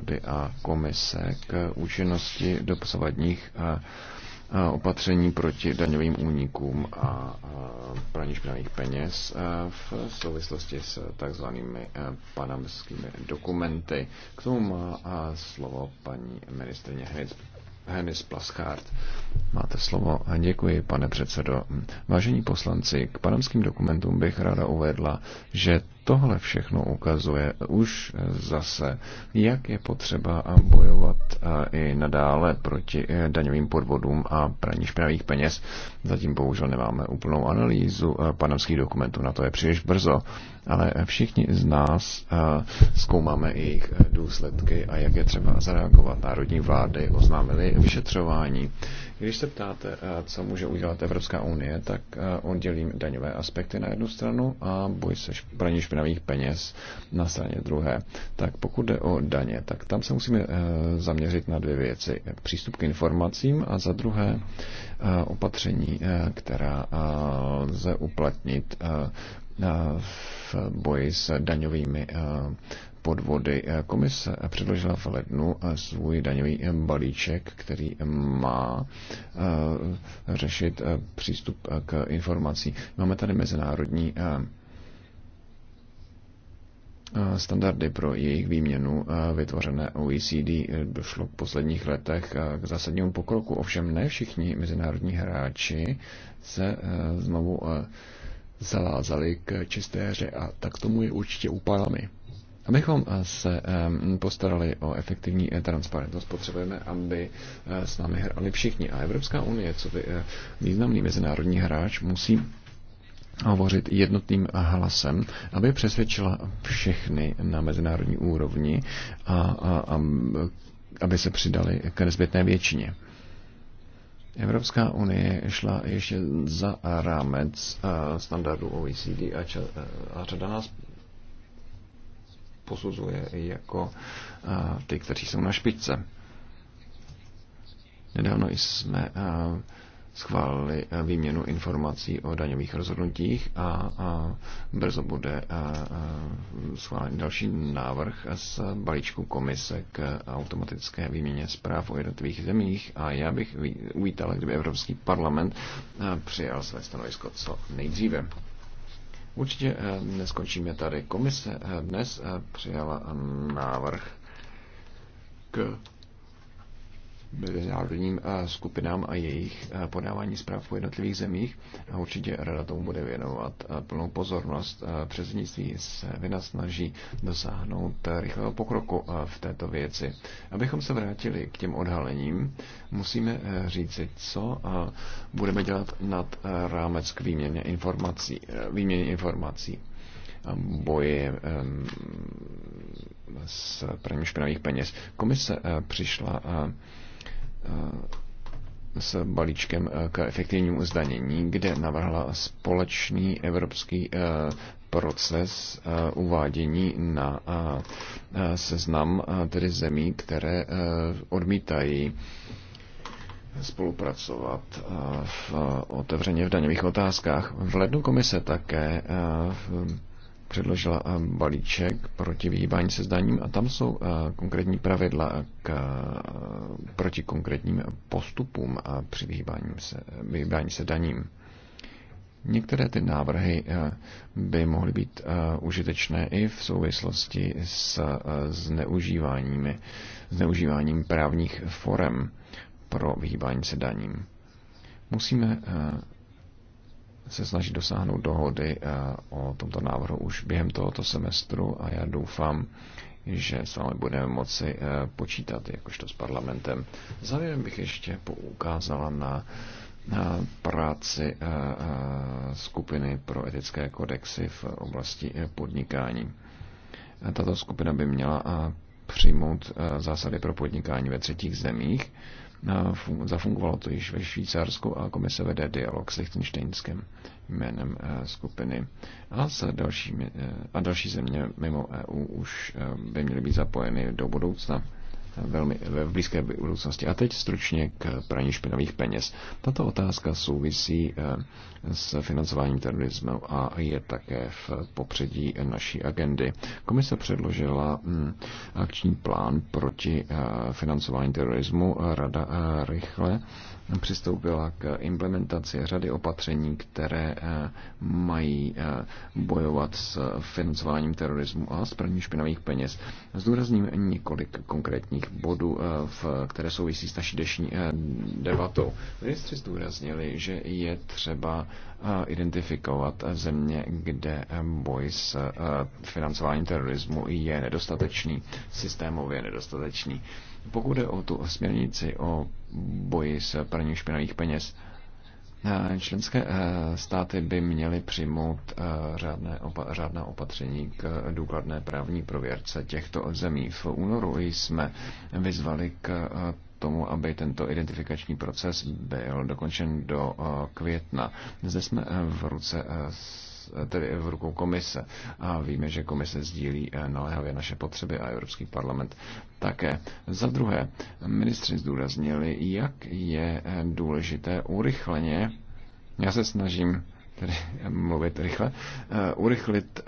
rady a komise k účinnosti dosavadních eh, eh, opatření proti daňovým únikům a eh, praní špinavých peněz v souvislosti s takzvanými panamskými dokumenty. K tomu má slovo paní ministrině Hnitz. Hennis Plaschard. Máte slovo. Děkuji, pane předsedo. Vážení poslanci, k panamským dokumentům bych ráda uvedla, že tohle všechno ukazuje už zase, jak je potřeba bojovat i nadále proti e, daňovým podvodům a praní špinavých peněz. Zatím bohužel nemáme úplnou analýzu e, panamských dokumentů, na to je příliš brzo, ale všichni z nás e, zkoumáme jejich důsledky a jak je třeba zareagovat. Národní vlády oznámily vyšetřování. Když se ptáte, eh, co může udělat Evropská unie, tak eh, oddělím daňové aspekty na jednu stranu a boj se praní špinavých peněz na straně druhé. Tak pokud jde o daně, tak tam se musíme eh, zaměřit na dvě věci. Přístup k informacím a za druhé opatření, která lze uplatnit v boji s daňovými podvody. Eh, Komise předložila v lednu eh, svůj daňový eh, balíček, který má řešit přístup k informací. Máme tady mezinárodní standardy pro jejich výměnu vytvořené OECD došlo v posledních letech k zásadnímu pokroku. Ovšem ne všichni mezinárodní hráči se znovu zavázali k čisté hře a tak tomu je určitě u Palamy. Abychom eh, se postarali o efektivní eh, transparentnost, potřebujeme, aby eh, s námi hráli všichni. A Evropská unie, co by významný mezinárodní hráč, musí hovořit jednotným hlasem, aby přesvědčila všechny na mezinárodní úrovni a, a, a aby se přidali k nezbytné většině. Evropská unie šla ještě za rámec standardů OECD a, ča, a řada nás posuzuje i jako eh, ty, kteří jsou na špičce. Nedávno jsme eh, schválili eh, výměnu informací o daňových rozhodnutích a, a brzo bude a, a schválen další návrh z balíčku komise k automatické výměně zpráv o jednotlivých zemích a já bych uvítal, kdyby Evropský parlament přijal své stanovisko co nejdříve. Určitě eh, neskončíme tady. Komise eh, dnes eh, přijala návrh k mezinárodním eh, skupinám a jejich eh, podávání zpráv po jednotlivých zemích. A určitě Rada tomu bude věnovat eh, plnou pozornost. Předsednictví se vynasnaží dosáhnout rychlého pokroku v této věci. Abychom se vrátili k těm odhalením, musíme říci, co budeme dělat nad rámec k výměně informací. Výměně informací boje s praním špinavých peněz. Komise přišla Eh, s balíčkem eh, k efektivnímu zdanění, kde navrhla společný evropský eh, proces uvádění na seznam tedy zemí, které odmítají spolupracovat v, otevřeně v daňových otázkách. V lednu komise také předložila eh, balíček proti vyhýbání se zdaním a tam jsou eh, konkrétní pravidla k, eh, proti konkrétním postupům a při vyhýbání se, vyhýbání se daním. Některé ty návrhy by mohly být užitečné i v souvislosti s zneužíváním, zneužíváním právních forem pro vyhýbání se daním. Musíme se snaží dosáhnout dohody eh, o tomto návrhu už během tohoto semestru a já doufám, že s vámi budeme moci eh, počítat jakožto s parlamentem. Závěrem bych ještě poukázala na práci eh, skupiny pro etické kodexy v oblasti podnikání. Tato skupina by měla přijmout zásady pro podnikání ve třetích zemích Zafungovalo to již ve Švýcarsku a komise vede dialog s Lichtensteinským jménem eh, skupiny. A, s dalšími, eh, a další země mimo EU už eh, by měly být zapojeny do budoucna velmi v blízké budoucnosti. A teď stručně k praní špinavých peněz. Tato otázka souvisí eh, s financováním terorismu a je také v popředí naší agendy. Komise předložila hm, akční plán proti eh, financování terorismu. Rada eh, rychle přistoupila k implementaci řady opatření, které eh, mají eh, bojovat s financováním terorismu a s praním špinavých peněz. Zdůrazním několik konkrétních bodů, eh, které souvisí s naší dnešní debatou. Ministři zdůraznili, že je třeba identifikovat země, kde boj s financováním terorismu je nedostatečný, systémově nedostatečný. Pokud jde o tu směrnici o boji s praním špinavých peněz, eh, Členské eh, státy by měly přijmout eh, řádné, opa, řádná opatření k důkladné právní prověrce těchto zemí. V únoru jsme vyzvali k tomu, aby tento identifikační proces byl dokončen do května. Zde jsme v ruce s Eh, tedy v rukou komise. A víme, že komise sdílí eh, naléhavě naše potřeby a Evropský parlament také. Za druhé, ministři zdůraznili, jak je eh, důležité urychleně, já se snažím tedy mluvit rychle, urychlit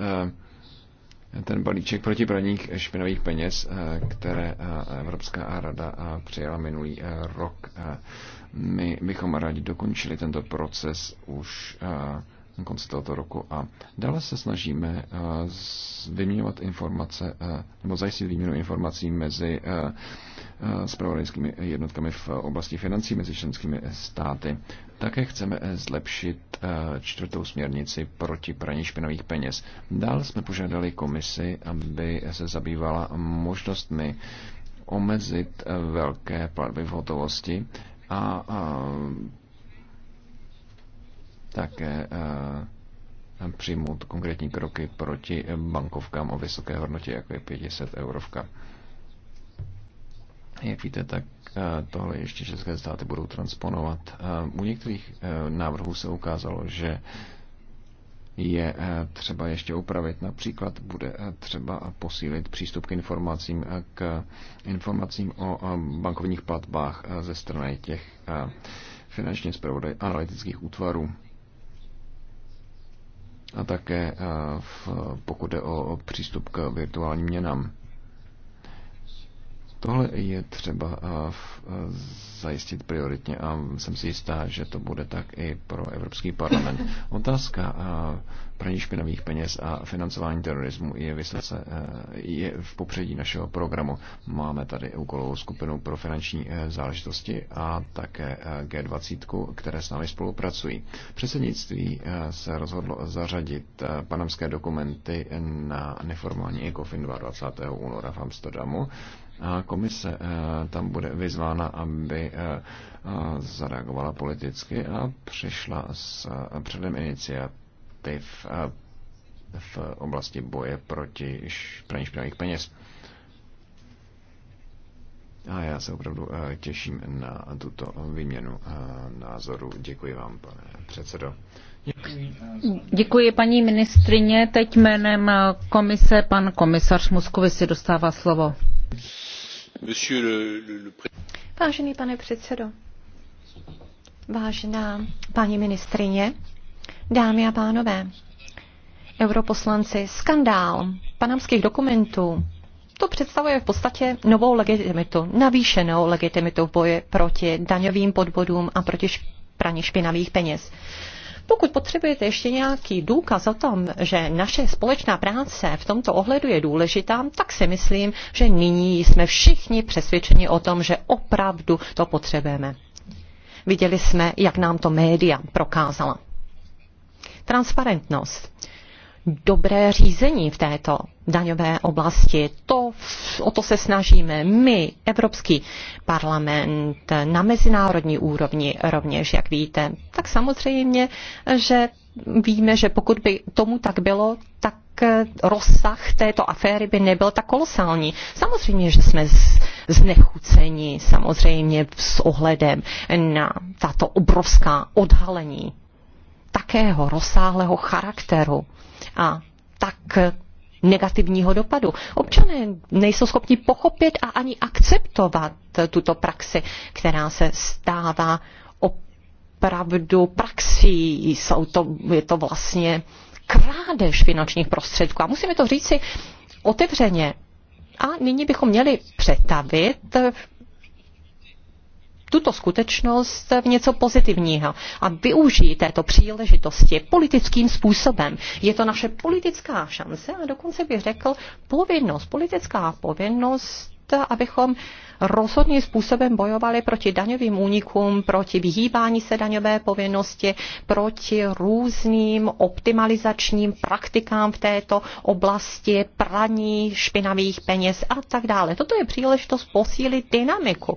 ten balíček proti praní špinavých peněz, které Evropská rada přijala minulý rok. My bychom rádi dokončili tento proces už na konci tohoto roku. A dále se snažíme eh, vyměňovat informace eh, nebo zajistit výměnu informací mezi spravodajskými eh, jednotkami v oblasti financí mezi členskými státy. Také chceme zlepšit čtvrtou směrnici proti praní špinavých peněz. Dále jsme požádali komisi, aby se zabývala možnostmi omezit velké platby v hotovosti a také eh, přijmout konkrétní kroky proti bankovkám o vysoké hodnotě, jako je 500 eurovka. Jak víte, tak eh, tohle ještě české státy budou transponovat. Eh, u některých návrhů se ukázalo, že je třeba ještě upravit. Například bude třeba posílit přístup k informacím, k informacím o bankovních platbách ze strany těch finančně analytických útvarů a také eh, v, pokud jde o přístup k virtuálním měnám. Tohle je třeba eh, eh, zajistit prioritně a jsem si jistá, že to bude tak i pro Evropský parlament. Otázka eh, praní špinavých peněz a financování terorismu je, vysoce, je v popředí našeho programu. Máme tady úkolovou skupinu pro finanční záležitosti a také G20, které s námi spolupracují. Předsednictví se rozhodlo zařadit panamské dokumenty na neformální ECOFIN 22. února v Amsterdamu komise eh, tam bude vyzvána, aby eh, eh, zareagovala politicky a přišla s předem iniciativ v oblasti boje proti praní špinavých peněz. A já se opravdu těším na tuto výměnu názoru. Děkuji vám, pane předsedo. Děkuji. paní ministrině. Teď jménem komise pan komisař Moskovici dostává slovo. Vážený pane předsedo, vážená paní ministrině, dámy a pánové, europoslanci, skandál panamských dokumentů, to představuje v podstatě novou legitimitu, navýšenou legitimitu v boji proti daňovým podvodům a proti praní špinavých peněz. Pokud potřebujete ještě nějaký důkaz o tom, že naše společná práce v tomto ohledu je důležitá, tak si myslím, že nyní jsme všichni přesvědčeni o tom, že opravdu to potřebujeme. Viděli jsme, jak nám to média prokázala. Transparentnost dobré řízení v této daňové oblasti. To, o to se snažíme my, Evropský parlament, na mezinárodní úrovni rovněž, jak víte. Tak samozřejmě, že víme, že pokud by tomu tak bylo, tak eh, rozsah této aféry by nebyl tak kolosální. Samozřejmě, že jsme znechuceni, samozřejmě s ohledem na tato obrovská odhalení takého rozsáhlého charakteru a tak negativního dopadu. Občané nejsou schopni pochopit a ani akceptovat tuto praxi, která se stává opravdu praxí. Jsou to, je to vlastně krádež finančních prostředků. A musíme to říci otevřeně. A nyní bychom měli přetavit tuto skutečnost v něco pozitivního a využijí této příležitosti politickým způsobem. Je to naše politická šance a dokonce bych řekl povinnost, politická povinnost abychom rozhodným způsobem bojovali proti daňovým únikům, proti vyhýbání se daňové povinnosti, proti různým optimalizačním praktikám v této oblasti, praní špinavých peněz a tak dále. Toto je příležitost posílit dynamiku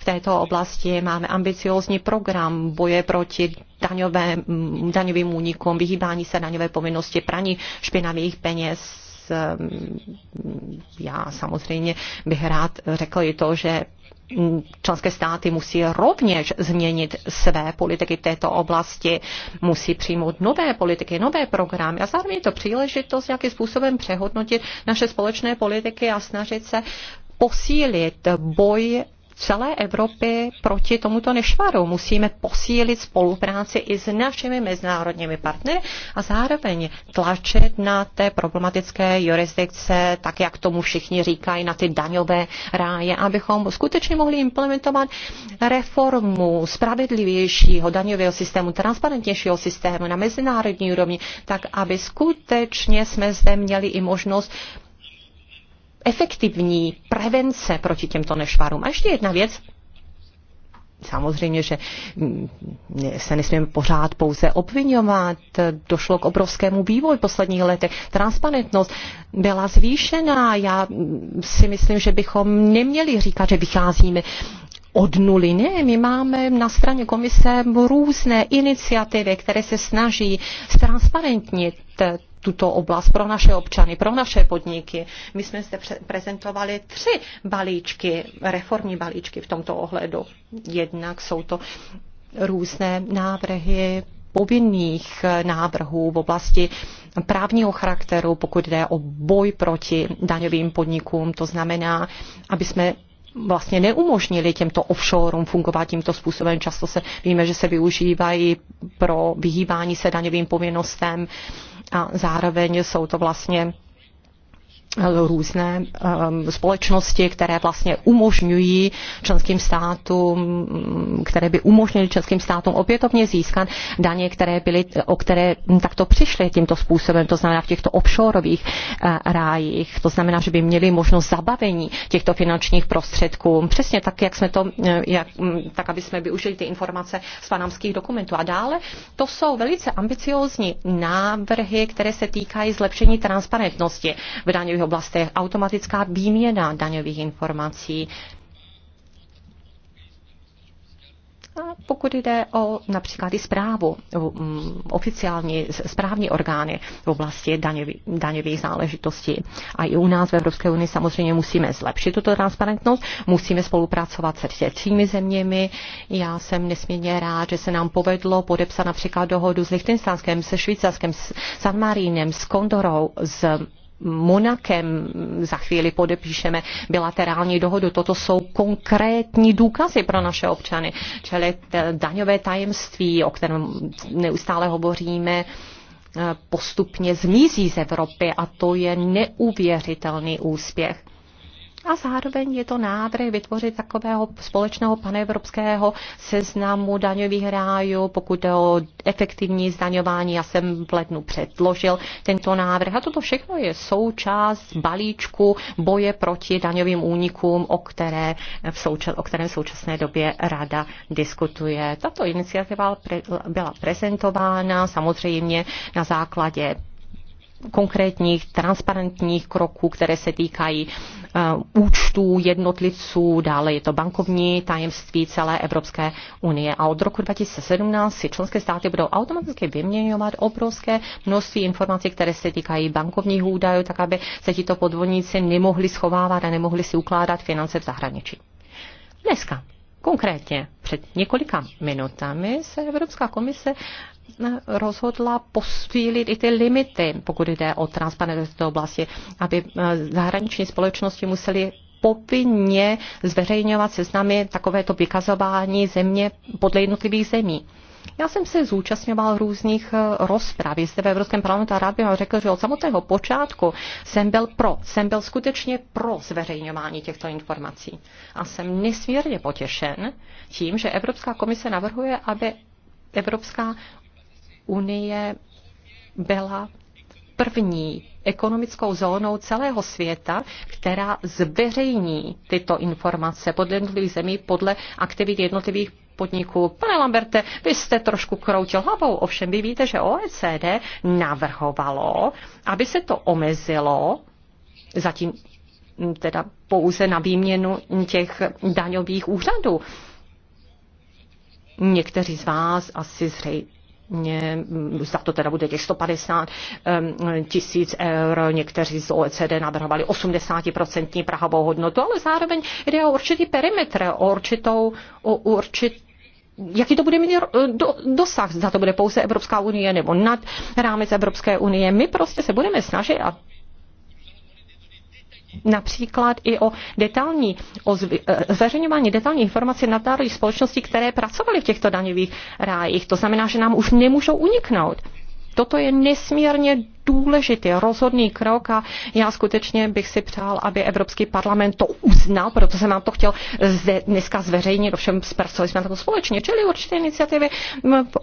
v této oblasti. Máme ambiciózní program boje proti daňové, mm, daňovým únikům, vyhýbání se daňové povinnosti, praní špinavých peněz, ehm, já samozřejmě bych rád řekl i to, že mm, členské státy musí rovněž změnit své politiky v této oblasti, musí přijmout nové politiky, nové programy a zároveň je to příležitost, jakým způsobem přehodnotit naše společné politiky a snažit se posílit boj celé Evropy proti tomuto nešvaru. Musíme posílit spolupráci i s našimi mezinárodními partnery a zároveň tlačit na té problematické jurisdikce, tak jak tomu všichni říkají, na ty daňové ráje, abychom skutečně mohli implementovat reformu spravedlivějšího daňového systému, transparentnějšího systému na mezinárodní úrovni, tak aby skutečně jsme zde měli i možnost efektivní prevence proti těmto nešvarům. A ještě jedna věc, Samozřejmě, že mm, se nesmíme pořád pouze obvinovat. Došlo k obrovskému vývoji v posledních letech. Transparentnost byla zvýšená. Já si myslím, že bychom neměli říkat, že vycházíme od nuly. Ne, my máme na straně komise různé iniciativy, které se snaží ztransparentnit tuto oblast pro naše občany, pro naše podniky. My jsme zde prezentovali tři balíčky, reformní balíčky v tomto ohledu. Jednak jsou to různé návrhy povinných návrhů v oblasti právního charakteru, pokud jde o boj proti daňovým podnikům. To znamená, aby jsme vlastně neumožnili těmto offshoreům fungovat tímto způsobem. Často se víme, že se využívají pro vyhýbání se daňovým povinnostem a zároveň jsou to vlastně různé eh, společnosti, které vlastně umožňují členským státům, mm, které by umožnily členským státům opětovně získat daně, které byly, o které takto přišly tímto způsobem, to znamená v těchto offshoreových eh, rájích, to znamená, že by měli možnost zabavení těchto finančních prostředků. Přesně tak, jak jsme to, eh, jak, mm, tak aby jsme využili ty informace z panamských dokumentů. A dále to jsou velice ambiciózní návrhy, které se týkají zlepšení transparentnosti v daně jednotlivých oblastech, automatická výměna daňových informací. A pokud jde o například i zprávu, mm, oficiální správní orgány v oblasti daňových, daňových záležitostí. A i u nás v Evropské unii samozřejmě musíme zlepšit tuto transparentnost, musíme spolupracovat se třetími zeměmi. Já jsem nesmírně rád, že se nám povedlo podepsat například dohodu s Lichtensteinskem, se Švýcarskem, s San Marínem, s Kondorou, s Monakem za chvíli podepíšeme bilaterální dohodu. Toto jsou konkrétní důkazy pro naše občany. Čili daňové tajemství, o kterém neustále hovoříme, e, postupně zmizí z Evropy a to je neuvěřitelný úspěch. A zároveň je to návrh vytvořit takového společného panevropského seznamu daňových rájů, pokud je o efektivní zdaňování. Já jsem v lednu předložil tento návrh. A toto všechno je součást balíčku boje proti daňovým únikům, o, které v souča- o kterém v současné době rada diskutuje. Tato iniciativa byla prezentována samozřejmě na základě konkrétních transparentních kroků, které se týkají Eh, účtů jednotlivců, dále je to bankovní tajemství celé Evropské unie. A od roku 2017 si členské státy budou automaticky vyměňovat obrovské množství informací, které se týkají bankovních údajů, tak aby se tito podvodníci nemohli schovávat a nemohli si ukládat finance v zahraničí. Dneska Konkrétně před několika minutami se Evropská komise rozhodla posílit i ty limity, pokud jde o transparentnost té oblasti, aby eh, zahraniční společnosti museli povinně zveřejňovat seznamy takovéto vykazování země podle jednotlivých zemí. Já jsem se zúčastňoval různých eh, rozprav jste ve Evropském parlamentu a rád bych vám řekl, že od samotného počátku jsem byl pro, jsem byl skutečně pro zveřejňování těchto informací. A jsem nesmírně potěšen tím, že Evropská komise navrhuje, aby Evropská unie byla první ekonomickou zónou celého světa, která zveřejní tyto informace podle jednotlivých zemí, podle aktivit jednotlivých podniků. Pane Lamberte, vy jste trošku kroutil hlavou, ovšem vy víte, že OECD navrhovalo, aby se to omezilo, zatím teda pouze na výměnu těch daňových úřadů. Někteří z vás asi zřejmě zda to teda bude těch 150 tisíc eur, někteří z OECD navrhovali 80% prahovou hodnotu, ale zároveň jde o určitý perimetr, o určitou, o určitý jaký to bude mít dosah, zda to bude pouze Evropská unie nebo nad rámec Evropské unie. My prostě se budeme snažit a například i o detailní, o eh, zveřejňování detailních informací nadnárodních společností, které pracovaly v těchto daňových rájích. To znamená, že nám už nemůžou uniknout. Toto je nesmírně důležitý, rozhodný krok a já skutečně bych si přál, aby Evropský parlament to uznal, proto jsem vám to chtěl zde dneska zveřejnit, ovšem zpracovali jsme na to společně, čili určité iniciativy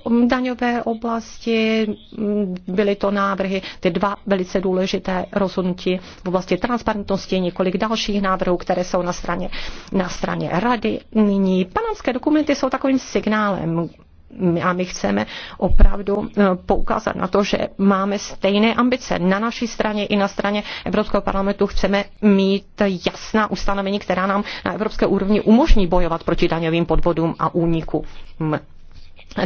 v daňové oblasti, byly to návrhy, ty dva velice důležité rozhodnutí v oblasti transparentnosti, několik dalších návrhů, které jsou na straně, na straně rady nyní. Panamské dokumenty jsou takovým signálem, a my chceme opravdu eh, poukázat na to, že máme stejné ambice. Na naší straně i na straně Evropského parlamentu chceme mít jasná ustanovení, která nám na evropské úrovni umožní bojovat proti daňovým podvodům a únikům.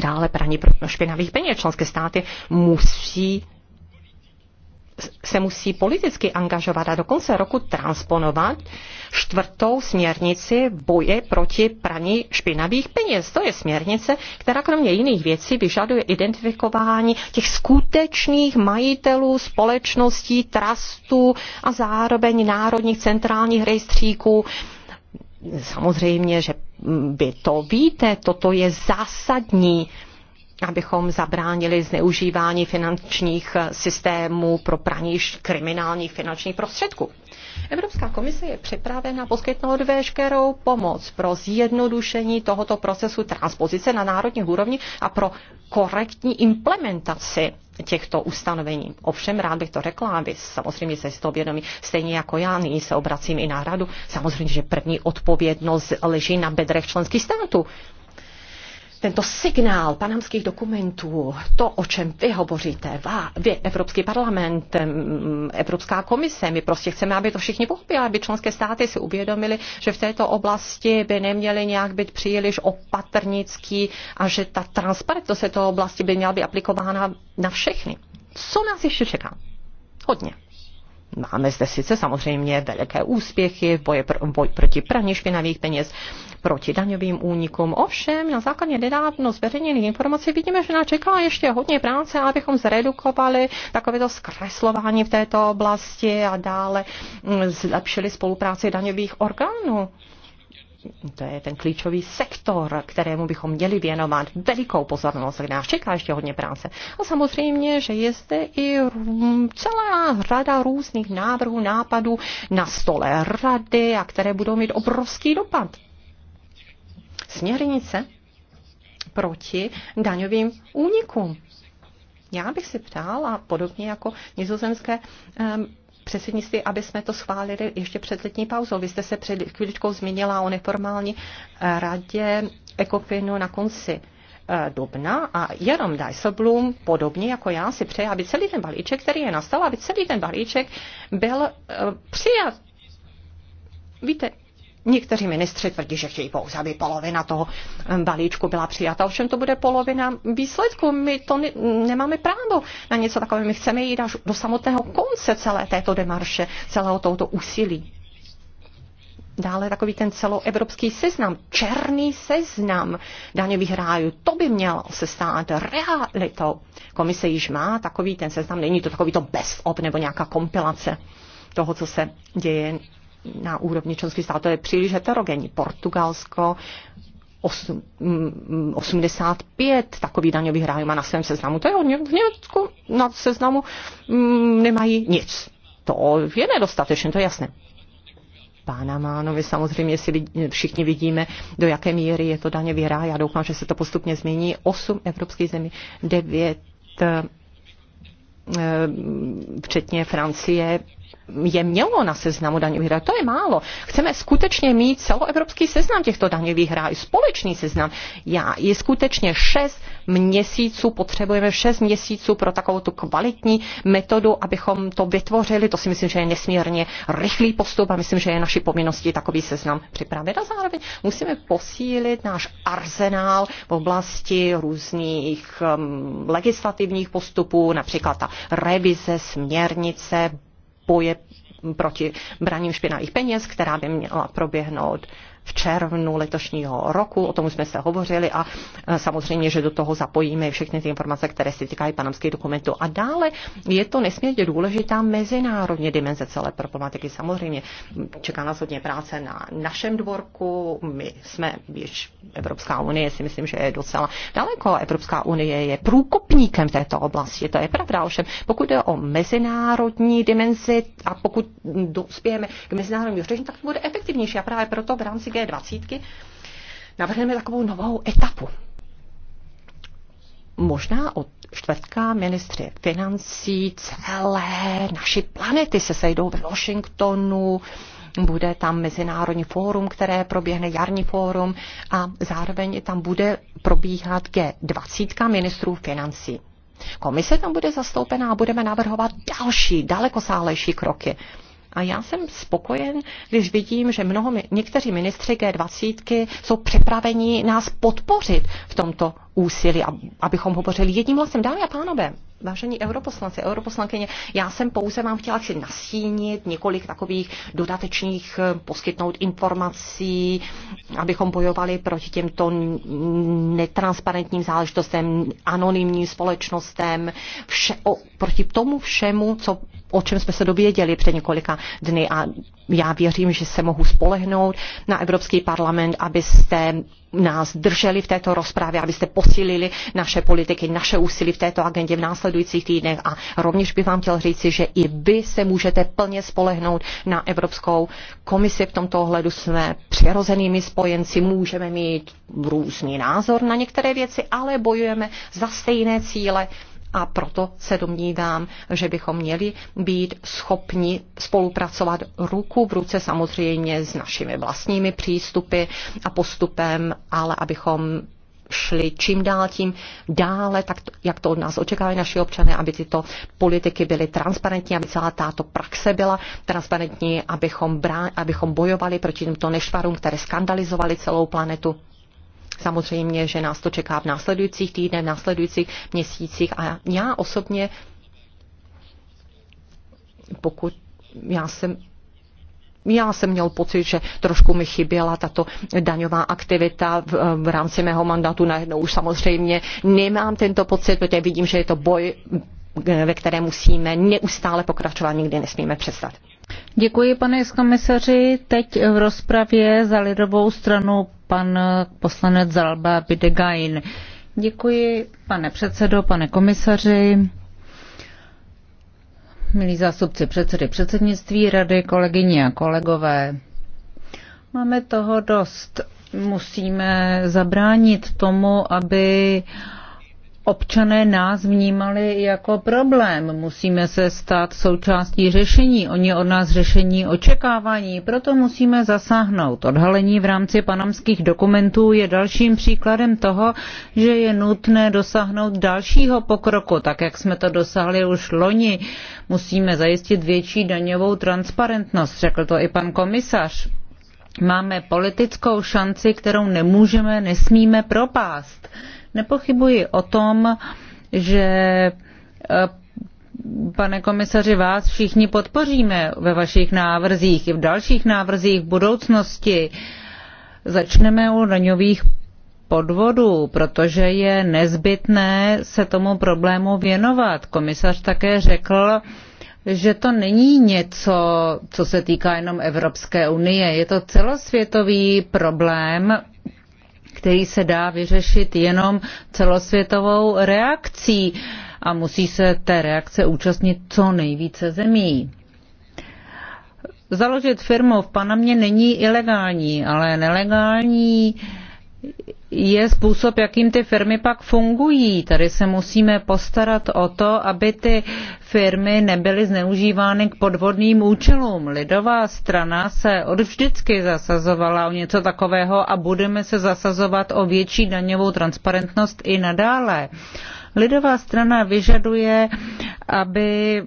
Dále praní špinavých peněz členské státy musí se musí politicky angažovat a do konce roku transponovat čtvrtou směrnici boje proti praní špinavých peněz. To je směrnice, která kromě jiných věcí vyžaduje identifikování těch skutečných majitelů společností, trustů a zároveň národních centrálních rejstříků samozřejmě, že vy to víte, toto je zásadní abychom zabránili zneužívání finančních systémů pro praní kriminálních finančních prostředků. Evropská komise je připravena poskytnout veškerou pomoc pro zjednodušení tohoto procesu transpozice na národní úrovni a pro korektní implementaci těchto ustanovení. Ovšem rád bych to řekla, aby samozřejmě se z toho vědomí, stejně jako já, nyní se obracím i na radu. Samozřejmě, že první odpovědnost leží na bedrech členských států tento signál panamských dokumentů, to, o čem vy hovoříte, vá, vy, Evropský parlament, Evropská komise, my prostě chceme, aby to všichni pochopili, aby členské státy si uvědomili, že v této oblasti by neměli nějak být příliš opatrnický a že ta transparentnost této oblasti by měla být aplikována na všechny. Co nás ještě čeká? Hodně. Máme zde sice samozřejmě veliké úspěchy v boji pr- boj proti praní špinavých peněz, proti daňovým únikům. Ovšem, na základě nedávno zveřejněných informací vidíme, že nás čeká ještě hodně práce, abychom zredukovali takovéto zkreslování v této oblasti a dále mm, zlepšili spolupráci daňových orgánů to je ten klíčový sektor, kterému bychom měli věnovat velikou pozornost, kde nás čeká ještě hodně práce. A samozřejmě, že je zde i celá řada různých návrhů, nápadů na stole rady, a které budou mít obrovský dopad. Směrnice proti daňovým únikům. Já bych si ptal, a podobně jako nizozemské um, předsednictví, aby jsme to schválili ještě před letní pauzou. Vy jste se před chvíličkou zmínila o neformální eh, radě ECOFINu na konci eh, dubna a Jerome Blum podobně jako já, si přeje, aby celý ten balíček, který je nastal, aby celý ten balíček byl eh, přijat. Víte, Někteří ministři tvrdí, že chtějí pouze, aby polovina toho eh, balíčku byla přijata. Ovšem to bude polovina výsledku. My to ne- nemáme právo na něco takového. My chceme jít až do samotného konce celé této demarše, celého tohoto úsilí. Dále takový ten celoevropský seznam, černý seznam daňových rájů, to by měl se stát realitou. Komise již má takový ten seznam, není to takový to best of nebo nějaká kompilace toho, co se děje na úrovni členských států je příliš heterogenní. Portugalsko 85 takových daňových rájů má na svém seznamu. To je hodně. V Německu na seznamu mm, nemají nic. To je nedostatečné, to je jasné. Pána my samozřejmě si vidí, všichni vidíme, do jaké míry je to daně vyhrá. Já doufám, že se to postupně změní. 8 evropských zemí, 9 eh, včetně Francie, je mělo na seznamu daňových rájů. To je málo. Chceme skutečně mít celoevropský seznam těchto daňových rájů, společný seznam. Já je skutečně šest měsíců, potřebujeme šest měsíců pro takovou tu kvalitní metodu, abychom to vytvořili. To si myslím, že je nesmírně rychlý postup a myslím, že je naší povinností takový seznam připravit. A zároveň musíme posílit náš arzenál v oblasti různých um, legislativních postupů, například ta revize, směrnice, boje proti braním špinavých peněz, která by měla proběhnout v červnu letošního roku, o tom už jsme se hovořili a e, samozřejmě, že do toho zapojíme všechny ty informace, které se týkají panamských dokumentů. A dále je to nesmírně důležitá mezinárodní dimenze celé problematiky. Samozřejmě čeká nás hodně práce na našem dvorku, my jsme již Evropská unie, si myslím, že je docela daleko. Evropská unie je průkopníkem této oblasti, to je pravda. Ovšem, pokud jde o mezinárodní dimenzi a pokud dospějeme k mezinárodnímu řešení, tak to bude efektivnější. A právě proto v rámci G20 navrhneme takovou novou etapu. Možná od čtvrtka ministři financí celé naší planety se sejdou ve Washingtonu, bude tam mezinárodní fórum, které proběhne jarní fórum a zároveň tam bude probíhat G20 ministrů financí. Komise tam bude zastoupená a budeme navrhovat další, dalekosálejší kroky. A já jsem spokojen, když vidím, že mnoho, někteří ministři G20 jsou připraveni nás podpořit v tomto úsilí, abychom hovořili jedním hlasem. Dámy a pánové, vážení europoslanci, europoslankyně, já jsem pouze vám chtěla si nasínit několik takových dodatečných eh, poskytnout informací, abychom bojovali proti těmto netransparentním záležitostem, anonymním společnostem, vše, o, proti tomu všemu, co o čem jsme se dověděli před několika dny a já věřím, že se mohu spolehnout na Evropský parlament, abyste nás drželi v této rozprávě, abyste posílili naše politiky, naše úsilí v této agendě v následujících týdnech a rovněž bych vám chtěl říci, že i vy se můžete plně spolehnout na Evropskou komisi. V tomto ohledu jsme přirozenými spojenci, můžeme mít různý názor na některé věci, ale bojujeme za stejné cíle a proto se domnívám, že bychom měli být schopni spolupracovat ruku v ruce samozřejmě s našimi vlastními přístupy a postupem, ale abychom šli čím dál tím dále, tak to, jak to od nás očekávají naši občané, aby tyto politiky byly transparentní, aby celá tato praxe byla transparentní, abychom, brá, abychom bojovali proti těmto nešvarům, které skandalizovaly celou planetu. Samozřejmě, že nás to čeká v následujících týdnech, v následujících měsících a já osobně, pokud já jsem já jsem měl pocit, že trošku mi chyběla tato daňová aktivita v, v rámci mého mandátu. Najednou už samozřejmě nemám tento pocit, protože vidím, že je to boj, ve kterém musíme neustále pokračovat, nikdy nesmíme přestat. Děkuji, pane komisaři. Teď v rozpravě za lidovou stranu pan poslanec Zalba Bidegain. Děkuji, pane předsedo, pane komisaři, milí zástupci předsedy předsednictví rady, kolegyně a kolegové. Máme toho dost. Musíme zabránit tomu, aby uh, občané nás vnímali jako problém. Musíme se stát součástí řešení. Oni od nás řešení očekávání, proto musíme zasáhnout. Odhalení v rámci panamských dokumentů je dalším příkladem toho, že je nutné dosáhnout dalšího pokroku, tak jak jsme to dosáhli už loni. Musíme zajistit větší daňovou transparentnost, řekl to i pan komisař. Máme politickou šanci, kterou nemůžeme, nesmíme propást Nepochybuji o tom, že eh, pane komisaři, vás všichni podpoříme ve vašich návrzích i v dalších návrzích v budoucnosti. Začneme u daňových podvodů, protože je nezbytné se tomu problému věnovat. Komisař také řekl, že to není něco, co se týká jenom Evropské unie. Je to celosvětový problém, který se dá vyřešit jenom celosvětovou reakcí a musí se té reakce účastnit co nejvíce zemí. Založit firmu v Panamě není ilegální, ale nelegální je způsob, jakým ty firmy pak fungují. Tady se musíme postarat o to, aby ty firmy nebyly zneužívány k podvodným účelům. Lidová strana se od vždycky zasazovala o něco takového a budeme se zasazovat o větší daňovou transparentnost i nadále. Lidová strana vyžaduje, aby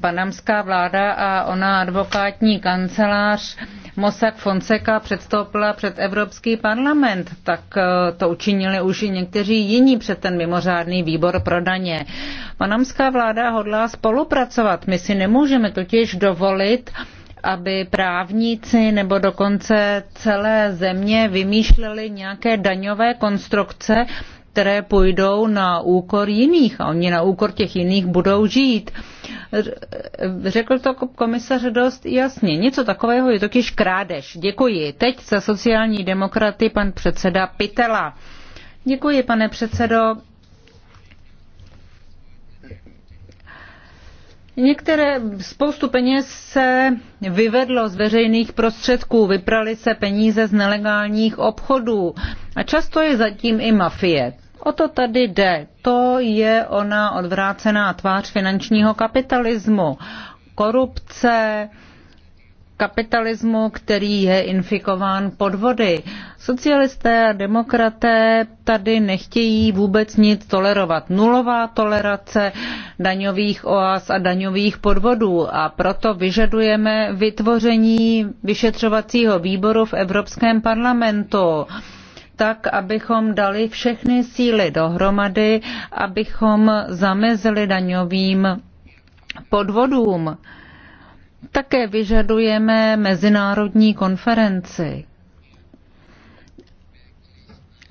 panamská vláda a ona advokátní kancelář Mossack Fonseca předstoupila před Evropský parlament, tak eh, to učinili už i někteří jiní před ten mimořádný výbor pro daně. Panamská vláda hodlá spolupracovat. My si nemůžeme totiž dovolit, aby právníci nebo dokonce celé země vymýšleli nějaké daňové konstrukce, které půjdou na úkor jiných a oni na úkor těch jiných budou žít. Řekl to komisař dost jasně. Něco takového je totiž krádež. Děkuji. Teď za sociální demokraty pan předseda Pitela. Děkuji, pane předsedo. Některé, spoustu peněz se vyvedlo z veřejných prostředků, vyprali se peníze z nelegálních obchodů a často je zatím i mafie. O to tady jde. To je ona odvrácená tvář finančního kapitalismu. Korupce, kapitalismu, který je infikován podvody. Socialisté a demokraté tady nechtějí vůbec nic tolerovat. Nulová tolerace daňových oas a daňových podvodů a proto vyžadujeme vytvoření vyšetřovacího výboru v Evropském parlamentu tak, abychom dali všechny síly dohromady, abychom zamezili daňovým podvodům. Také vyžadujeme mezinárodní konferenci.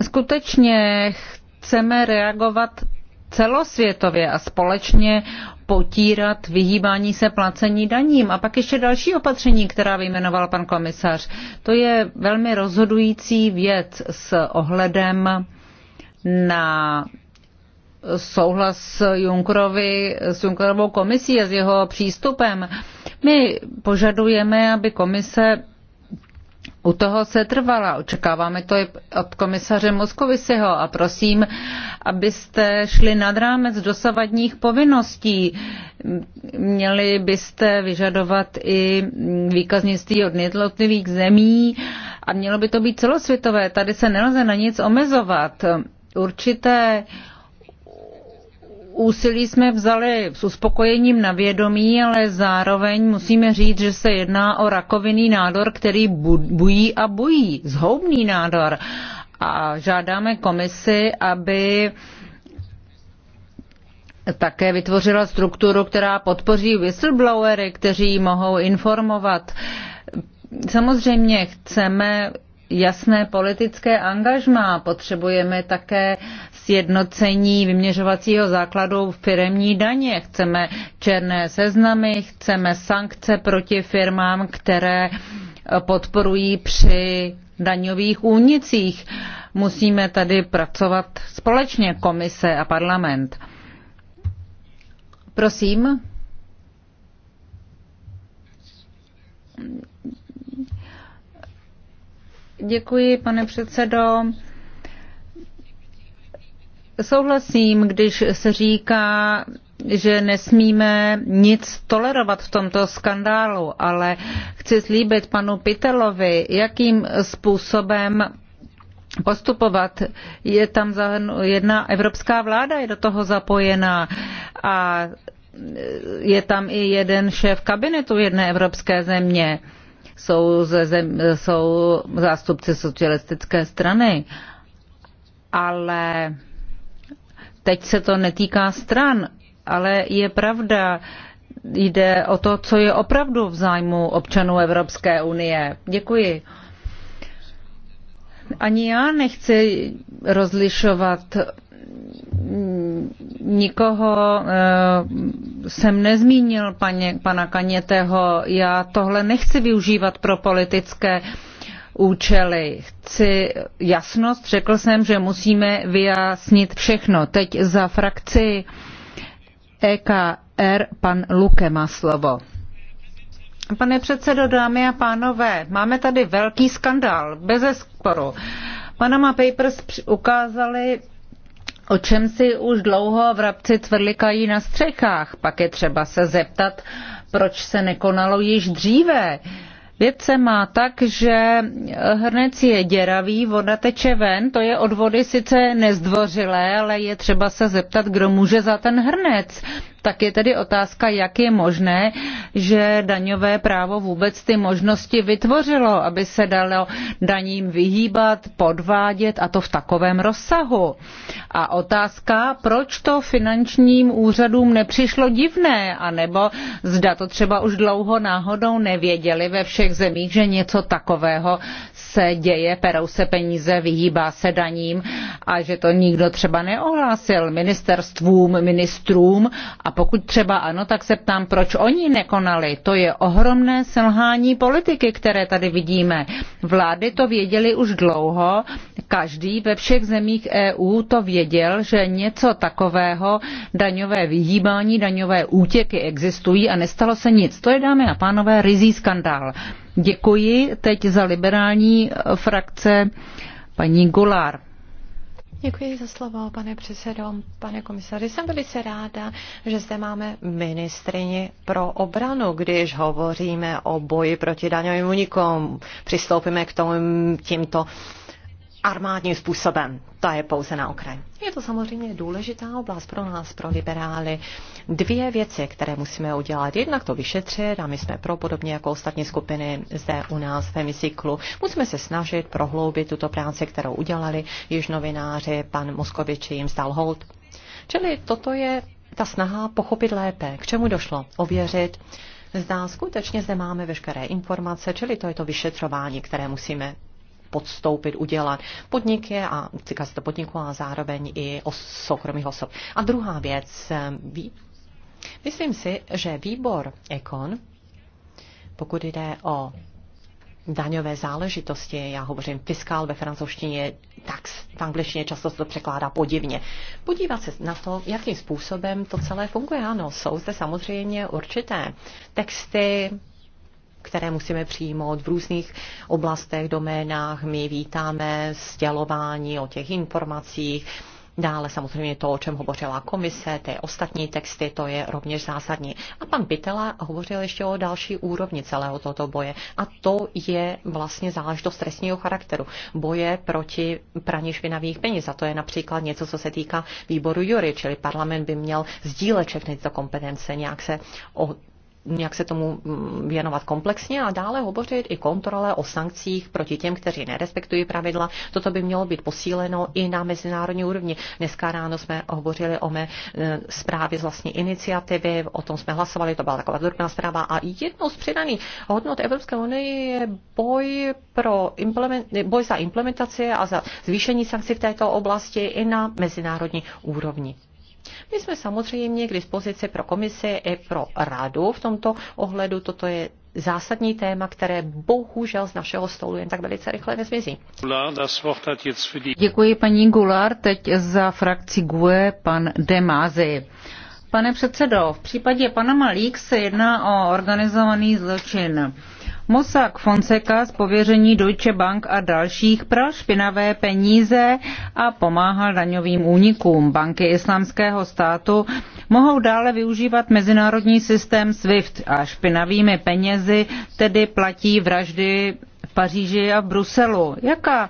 Skutečně chceme reagovat celosvětově a společně potírat vyhýbání se placení daním. A pak ještě další opatření, která vyjmenoval pan komisař. To je velmi rozhodující věc s ohledem na souhlas Junkerovi, s Junkerovou komisí a s jeho přístupem. My požadujeme, aby komise u toho se trvala. Očekáváme to i od komisaře Moskovisiho a prosím, abyste šli nad rámec dosavadních povinností. Měli byste vyžadovat i výkaznictví od jednotlivých zemí a mělo by to být celosvětové. Tady se nelze na nic omezovat. Určité úsilí jsme vzali s uspokojením na vědomí, ale zároveň musíme říct, že se jedná o rakovinný nádor, který bují a bují, zhoubný nádor. A žádáme komisi, aby také vytvořila strukturu, která podpoří whistleblowery, kteří mohou informovat. Samozřejmě chceme jasné politické angažmá, potřebujeme také sjednocení vyměřovacího základu v firemní daně. Chceme černé seznamy, chceme sankce proti firmám, které podporují při daňových únicích. Musíme tady pracovat společně komise a parlament. Prosím. Děkuji, pane předsedo. Souhlasím, když se říká, že nesmíme nic tolerovat v tomto skandálu, ale chci slíbit panu Pitelovi, jakým způsobem postupovat. Je tam jedna evropská vláda, je do toho zapojená a je tam i jeden šéf kabinetu jedné evropské země. Jsou, ze zem, jsou zástupci socialistické strany. Ale Teď se to netýká stran, ale je pravda, jde o to, co je opravdu v zájmu občanů Evropské unie. Děkuji. Ani já nechci rozlišovat mm, nikoho eh, jsem nezmínil paně, pana Kanětého. Já tohle nechci využívat pro politické účely. Chci jasnost, řekl jsem, že musíme vyjasnit všechno. Teď za frakci EKR pan Luke má slovo. Pane předsedo, dámy a pánové, máme tady velký skandál, bez sporu. Panama Papers ukázali o čem si už dlouho v vrabci tvrdlikají na střechách. Pak je třeba se zeptat, proč se nekonalo již dříve. Uh, vědce má tak, že eh, hrnec je děravý, voda teče ven, to je od vody sice nezdvořilé, ale je třeba se zeptat, kdo může za ten hrnec tak je tedy otázka, jak je možné, že daňové právo vůbec ty možnosti vytvořilo, aby se dalo daním vyhýbat, podvádět a to v takovém rozsahu. A otázka, proč to finančním úřadům nepřišlo divné, anebo zda to třeba už dlouho náhodou nevěděli ve všech zemích, že něco takového se děje, perou se peníze, vyhýbá se daním a že to nikdo třeba neohlásil ministerstvům, ministrům a pokud třeba ano, tak se ptám, proč oni nekonali. To je ohromné selhání politiky, které tady vidíme. Vlády to věděly už dlouho, každý ve všech zemích EU to věděl, že něco takového, daňové vyhýbání, daňové útěky existují a nestalo se nic. To je, dámy a pánové, rizí skandál. Děkuji teď za liberální frakce paní Gulár. Děkuji za slovo, pane předsedo, pane komisaři. Jsem velice ráda, že zde máme ministrini pro obranu, když hovoříme o boji proti daňovým unikům. Přistoupíme k tomu tímto armádním způsobem. To je pouze na okraj. Je to samozřejmě důležitá oblast pro nás, pro liberály. Dvě věci, které musíme udělat. Jednak to vyšetřit a my jsme pro, podobně jako ostatní skupiny zde u nás v hemicyklu. Musíme se snažit prohloubit tuto práci, kterou udělali již novináři, pan Moskovič jim stal hold. Čili toto je ta snaha pochopit lépe, k čemu došlo, ověřit, Zdá, skutečně zde máme veškeré informace, čili to je to vyšetřování, které musíme podstoupit, udělat podniky a týká se to podniku a zároveň i o soukromých osob. A druhá věc, ví, myslím si, že výbor Ekon, pokud jde o daňové záležitosti, já hovořím fiskál ve francouzštině, tax v angličtině často se to překládá podivně. Podívat se na to, jakým způsobem to celé funguje. Ano, jsou zde samozřejmě určité texty, které musíme přijmout v různých oblastech, doménách. My vítáme sdělování o těch informacích, Dále samozřejmě to, o čem hovořila komise, ty ostatní texty, to je rovněž zásadní. A pan Pitela hovořil ještě o další úrovni celého tohoto boje. A to je vlastně záležitost trestního charakteru. Boje proti praní špinavých peněz. A to je například něco, co se týká výboru jury, čili parlament by měl sdílet všechny tyto kompetence, nějak se o jak se tomu mm, věnovat komplexně a dále hovořit i kontrole o sankcích proti těm, kteří nerespektují pravidla. Toto by mělo být posíleno i na mezinárodní úrovni. Dneska ráno jsme hovořili o mé e, zprávě z vlastní iniciativy, o tom jsme hlasovali, to byla taková drobná zpráva. A jednou z přidaných hodnot Evropské unie je boj, pro implement, boj za implementaci a za zvýšení sankcí v této oblasti i na mezinárodní úrovni. My jsme samozřejmě k dispozici pro komisi i pro radu v tomto ohledu. Toto je zásadní téma, které bohužel z našeho stolu jen tak velice rychle nezmizí. Děkuji paní Gular, teď za frakci GUE pan Demázy. Pane předsedo, v případě Panama Leaks se jedná o organizovaný zločin. Mossack Fonseca z pověření Deutsche Bank a dalších pral špinavé peníze a pomáhal daňovým únikům. Banky islámského státu mohou dále využívat mezinárodní systém SWIFT a špinavými penězi tedy platí vraždy v Paříži a v Bruselu. Jaká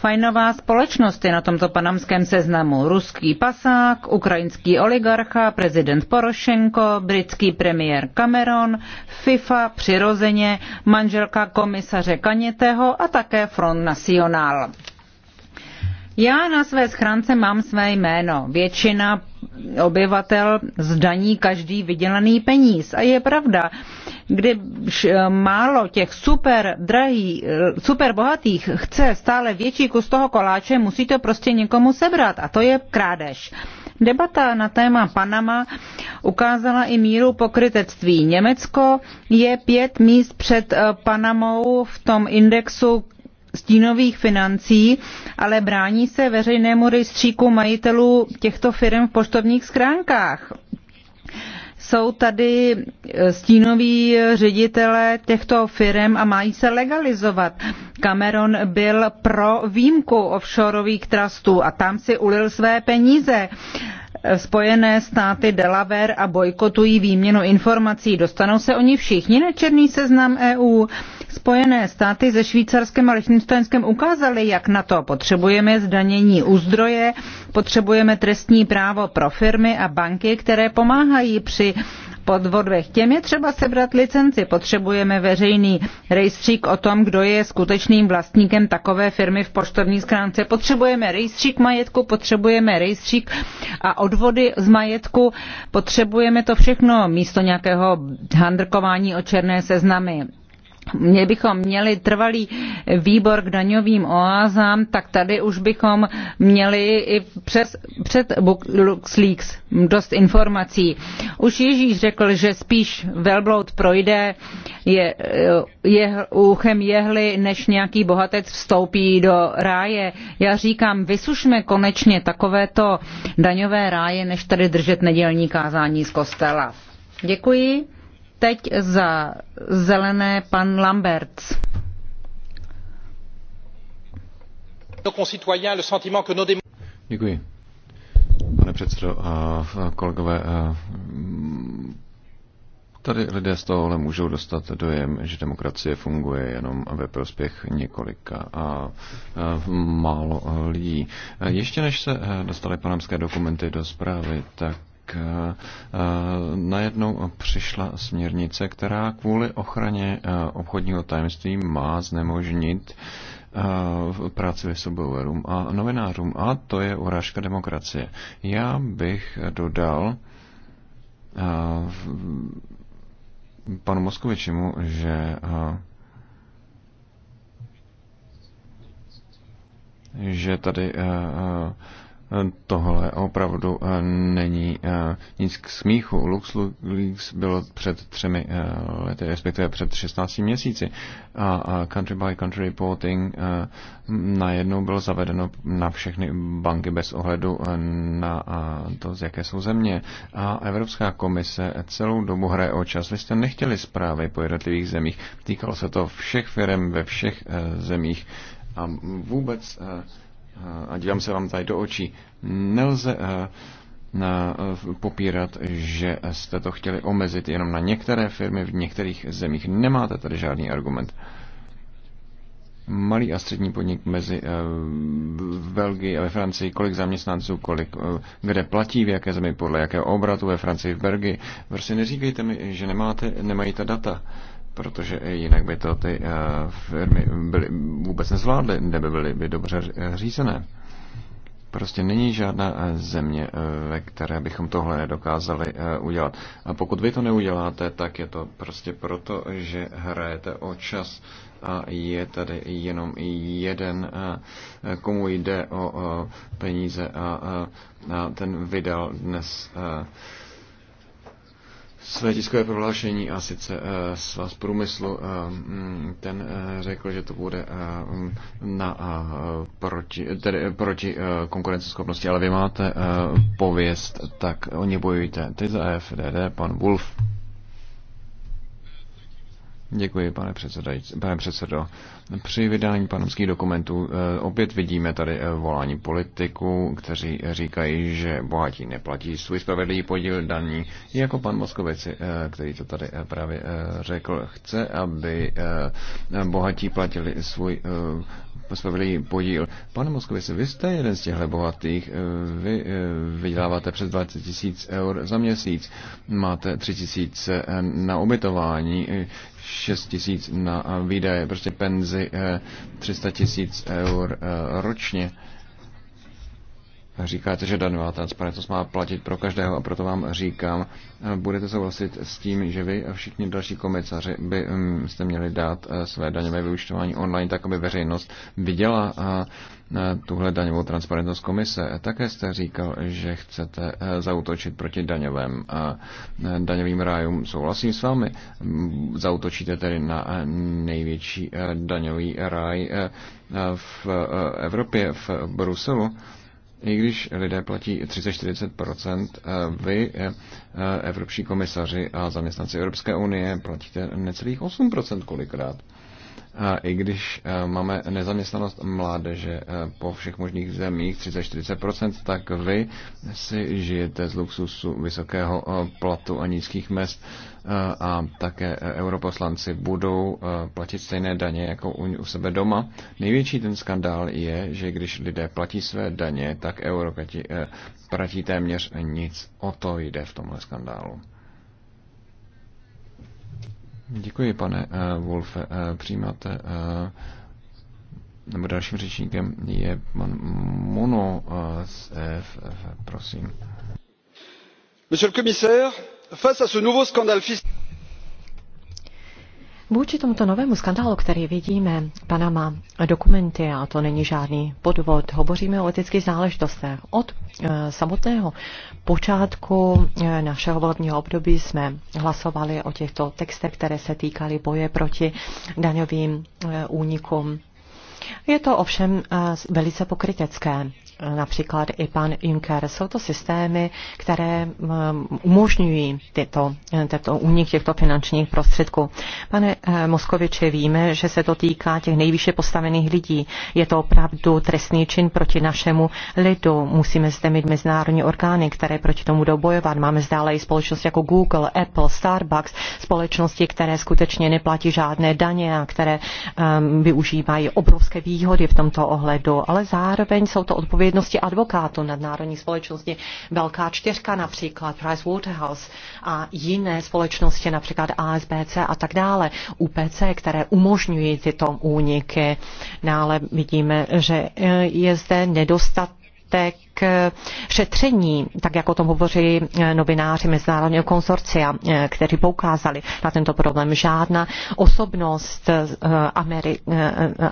Fajnová společnost je na tomto panamském seznamu. Ruský pasák, ukrajinský oligarcha, prezident Porošenko, britský premiér Cameron, FIFA přirozeně, manželka komisaře Kaněteho a také Front National. Já na své schránce mám své jméno. Většina obyvatel zdaní každý vydělaný peníz. A je pravda, kdy eh, málo těch super drahých, eh, super bohatých chce stále větší kus toho koláče, musí to prostě někomu sebrat a to je krádež. Debata na téma Panama ukázala i míru pokrytectví. Německo je pět míst před eh, Panamou v tom indexu stínových financí, ale brání se veřejnému rejstříku majitelů těchto firm v poštovních schránkách. Jsou tady eh, stínoví ředitele těchto firm a mají se legalizovat. Cameron byl pro výjimku offshoreových trustů a tam si ulil své peníze. Spojené státy Delaware a bojkotují výměnu informací. Dostanou se oni všichni na černý seznam EU. Spojené státy se Švýcarskem a Lichtensteinskem ukázaly, jak na to potřebujeme zdanění u zdroje, potřebujeme trestní právo pro firmy a banky, které pomáhají při podvodech. Těm je třeba sebrat licenci. Potřebujeme veřejný rejstřík o tom, kdo je skutečným vlastníkem takové firmy v poštovní schránce. Potřebujeme rejstřík majetku, potřebujeme rejstřík a odvody z majetku. Potřebujeme to všechno místo nějakého handrkování o černé seznamy my bychom měli trvalý výbor k daňovým oázám, tak tady už bychom měli i přes, před LuxLeaks dost informací. Už Ježíš řekl, že spíš velbloud projde je, je, uchem jehly, než nějaký bohatec vstoupí do ráje. Já říkám, vysušme konečně takovéto daňové ráje, než tady držet nedělní kázání z kostela. Děkuji. Teď za zelené pan Lamberts. Děkuji. Pane předsedo a kolegové, mm, tady lidé z tohohle můžou dostat dojem, že demokracie funguje jenom ve prospěch několika a málo lidí. Ještě než se dostaly panamské dokumenty do zprávy, tak Eh, eh, najednou přišla směrnice, která kvůli ochraně eh, obchodního tajemství má znemožnit práci vysobovarům a novinářům. A to je urážka demokracie. Já bych dodal panu Moskovičemu, že že tady Tohle opravdu eh, není eh, nic k smíchu. LuxLeaks bylo před třemi eh, lety, respektive před 16 měsíci a country by country reporting najednou bylo zavedeno na všechny banky bez ohledu na to, z jaké jsou země. A Evropská komise celou dobu hraje o čas. Vy jste nechtěli zprávy po jednotlivých zemích. Týkalo se to všech firm ve všech zemích a vůbec a dívám se vám tady do očí, nelze eh, eh, popírat, že jste to chtěli omezit jenom na některé firmy v některých zemích. Nemáte tady žádný argument. Malý a střední podnik mezi eh, v Belgii a ve Francii, kolik zaměstnanců, kolik, kde platí, v jaké zemi, podle jakého obratu ve Francii, v Belgii. Prostě neříkejte mi, že nemáte, nemají ta data protože jinak by to ty eh, firmy byly, vůbec nezvládly, neby byly by dobře eh, řízené. Prostě není žádná eh, země, ve které bychom tohle nedokázali udělat. A pokud vy to neuděláte, tak je to prostě proto, že hrajete o čas a je tady jenom jeden, komu jde o peníze a ten vydal dnes své tiskové prohlášení a sice eh, svaz průmyslu. Eh, mm, ten eh, řekl, že to bude mm, na, proti, tedy proti konkurenceschopnosti, ale vy máte pověst, tak o ně bojujte. Ty za FDD, pan Wolf. Děkuji, pane, předsedající, pane předsedo. Při vydání panovských dokumentů eh, opět vidíme tady eh, volání politiků, kteří říkají, že bohatí neplatí svůj spravedlivý podíl daní. Jako pan Moskovec, eh, který to tady právě řekl, chce, aby bohatí platili svůj spravedlivý podíl. Pane Moskovec, vy jste jeden z těchto bohatých, vy vyděláváte přes 20 tisíc eur za měsíc, máte 3 tisíce na ubytování, 6 tisíc na výdaje, prostě penzi 300 eh, tisíc eur eh, ročně. Říkáte, že daňová transparentnost má platit pro každého a proto vám říkám, eh, budete souhlasit s tím, že vy a všichni další komisaři byste mm, měli dát své daňové vyučtování online, tak aby veřejnost viděla tuhle daňovou transparentnost komise. Také jste říkal, že chcete eh, zautočit proti daňovém a eh, daňovým rájům. Souhlasím s vámi. Zautočíte tedy na eh, největší daňový ráj v Evropě, v Bruselu. I když lidé platí 30-40%, vy, evropští komisaři a zaměstnanci Evropské unie, platíte necelých 8% kolikrát i když e, máme nezaměstnanost mládeže e, po všech možných zemích 30-40%, tak vy si žijete z luxusu vysokého e, platu a nízkých mest a také europoslanci budou platit stejné daně jako u sebe doma. Největší ten skandál je, že když lidé platí své daně, tak eurokrati platí téměř nic. O to jde v tomhle skandálu. Děkuji, pane eh, Wolfe. Eh, přijímáte eh, nebo dalším řečníkem je pan Mono z EFF. prosím. Monsieur le commissaire, face à ce nouveau scandale fiscal... Vůči tomuto novému skandálu, který vidíme, Panama dokumenty, a to není žádný podvod, hovoříme o etických záležitostech. Od e, samotného počátku e, našeho volebního období jsme hlasovali o těchto textech, které se týkaly boje proti daňovým e, únikům. Je to ovšem velice pokrytecké například i pan Juncker. Jsou to systémy, které umožňují tyto, tyto únik těchto finančních prostředků. Pane eh, Moskoviče, víme, že se to týká těch nejvýše postavených lidí. Je to opravdu trestný čin proti našemu lidu. Musíme zde mít mezinárodní orgány, které proti tomu budou bojovat. Máme zde ale i společnosti jako Google, Apple, Starbucks, společnosti, které skutečně neplatí žádné daně a které um, využívají obrovské výhody v tomto ohledu, ale zároveň jsou to odpovědi odpovědnosti advokátů nadnárodní společnosti. Velká čtyřka například, Price Waterhouse a jiné společnosti, například ASBC a tak dále, UPC, které umožňují tyto úniky. Dále vidíme, že eh, je zde nedostatek k eh, šetření, tak jako o tom hovoří eh, novináři Mezinárodního konsorcia, eh, kteří poukázali na tento problém. Žádná osobnost Ameri-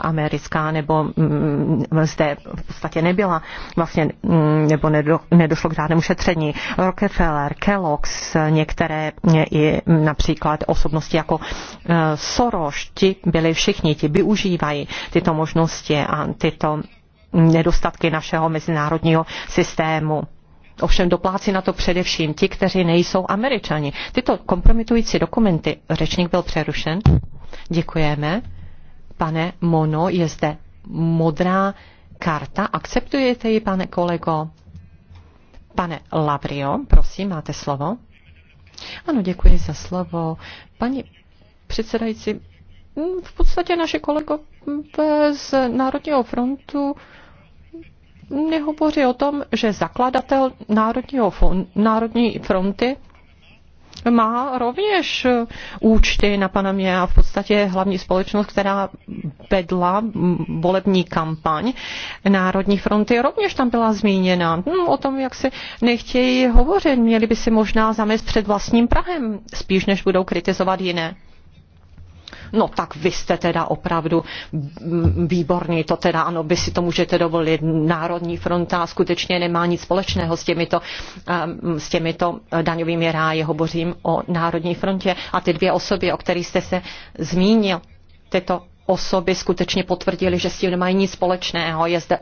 americká nebo mm, zde v podstatě nebyla vlastně, mm, nebo nedošlo k žádnému šetření. Rockefeller, Kellogg's, některé i například osobnosti jako Soros, ti byli všichni, ti využívají tyto možnosti a tyto nedostatky našeho mezinárodního systému. Ovšem doplácí na to především ti, kteří nejsou američani. Tyto kompromitující dokumenty, řečník byl přerušen. Děkujeme. Pane Mono, je zde modrá karta. Akceptujete ji, pane kolego? Pane Lavrio, prosím, máte slovo. Ano, děkuji za slovo. Paní předsedající, v podstatě naše kolego z Národního frontu nehovoří o tom, že zakladatel Národního fond, Národní fronty má rovněž účty na Panamě a v podstatě hlavní společnost, která vedla volební kampaň Národní fronty, rovněž tam byla zmíněna. Hmm, o tom, jak si nechtějí hovořit, měli by si možná zamést před vlastním Prahem, spíš než budou kritizovat jiné no tak vy jste teda opravdu mm, výborný, to teda ano, vy si to můžete dovolit. Národní fronta skutečně nemá nic společného s těmito, s těmito eh, daňovými ráje, hovořím o Národní frontě. A ty dvě osoby, o kterých jste se zmínil, tyto osoby skutečně potvrdili, že s tím nemají nic společného. Je zde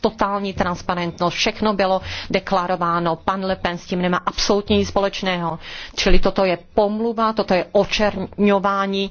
totální transparentnost, všechno bylo deklarováno, pan Le Pen s tím nemá absolutně nic společného. Čili toto je pomluva, toto je očerňování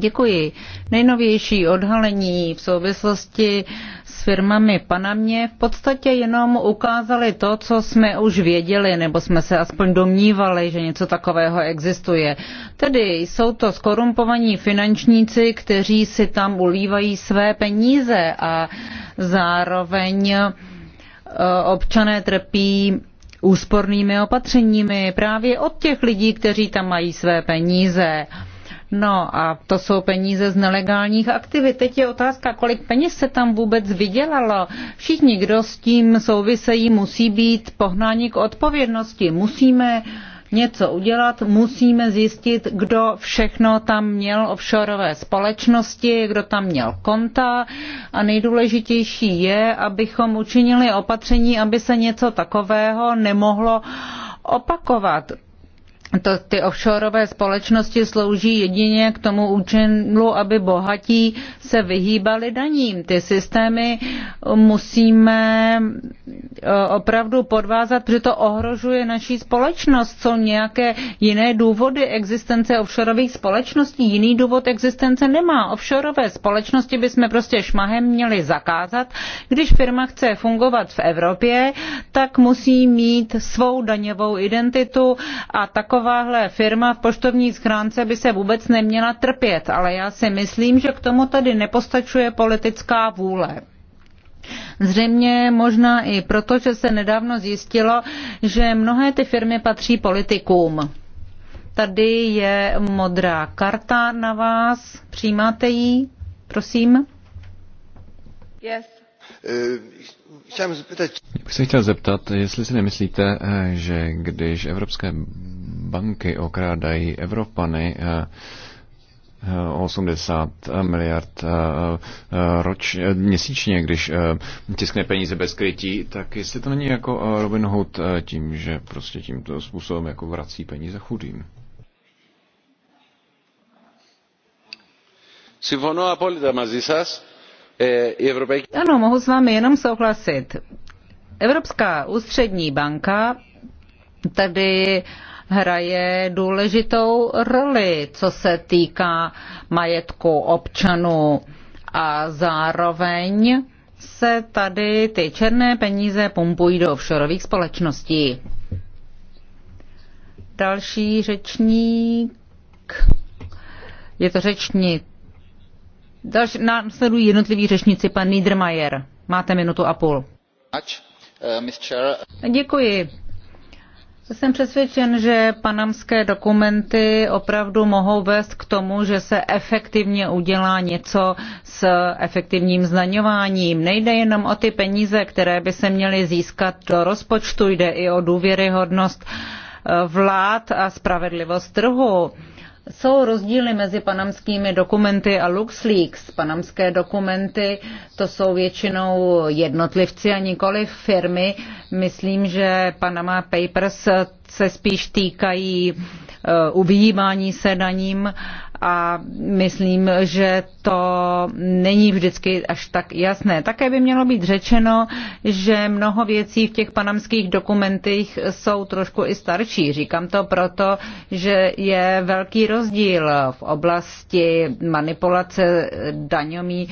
Děkuji. Nejnovější odhalení v souvislosti s firmami Panamě v podstatě jenom ukázali to, co jsme už věděli, nebo jsme se aspoň domnívali, že něco takového existuje. Tedy jsou to skorumpovaní finančníci, kteří si tam ulívají své peníze a zároveň eh, občané trpí úspornými opatřeními právě od těch lidí, kteří tam mají své peníze. No a to jsou peníze z nelegálních aktivit. Teď je otázka, kolik peněz se tam vůbec vydělalo. Všichni, kdo s tím souvisejí, musí být pohnáni k odpovědnosti. Musíme něco udělat, musíme zjistit, kdo všechno tam měl offshoreové společnosti, kdo tam měl konta a nejdůležitější je, abychom učinili opatření, aby se něco takového nemohlo opakovat to, ty offshoreové společnosti slouží jedině k tomu účinu, aby bohatí se vyhýbali daním. Ty systémy musíme e, opravdu podvázat, protože to ohrožuje naší společnost. Jsou nějaké jiné důvody existence offshoreových společností? Jiný důvod existence nemá. Offshoreové společnosti bychom prostě šmahem měli zakázat. Když firma chce fungovat v Evropě, tak musí mít svou daňovou identitu a takové takováhle firma v poštovní schránce by se vůbec neměla trpět, ale já si myslím, že k tomu tady nepostačuje politická vůle. Zřejmě možná i proto, že se nedávno zjistilo, že mnohé ty firmy patří politikům. Tady je modrá karta na vás. Přijímáte ji? Prosím. Yes. Chtěl bych se chtěl zeptat, jestli si nemyslíte, eh, že když evropské banky okrádají Evropany eh, eh, o 80 miliard eh, roč, měsíčně, když tiskne peníze bez krytí, tak jestli to není jako Robin Hood tím, že prostě tímto způsobem jako vrací peníze chudým. Συμφωνώ απόλυτα μαζί σας. Ano, mohu s vámi jenom souhlasit. Evropská ústřední banka tady hraje důležitou roli, co se týká majetku občanů. A zároveň se tady ty černé peníze pumpují do offshoreových společností. Další řečník. Je to řečník. Další, následují jednotliví řečníci, pan Niedermayer. Máte minutu a půl. Uh, Děkuji. Jsem přesvědčen, že panamské dokumenty opravdu mohou vést k tomu, že se efektivně udělá něco s efektivním zdaňováním. Nejde jenom o ty peníze, které by se měly získat do rozpočtu, jde i o důvěryhodnost eh, vlád a spravedlivost trhu. Jsou rozdíly mezi panamskými dokumenty a LuxLeaks. Panamské dokumenty to jsou většinou jednotlivci a nikoli firmy. Myslím, že Panama Papers se spíš týkají uh, se se daním a myslím, že to není vždycky až tak jasné. Také by mělo být řečeno, že mnoho věcí v těch panamských dokumentech jsou trošku i starší. Říkám to proto, že je velký rozdíl v oblasti manipulace daňomí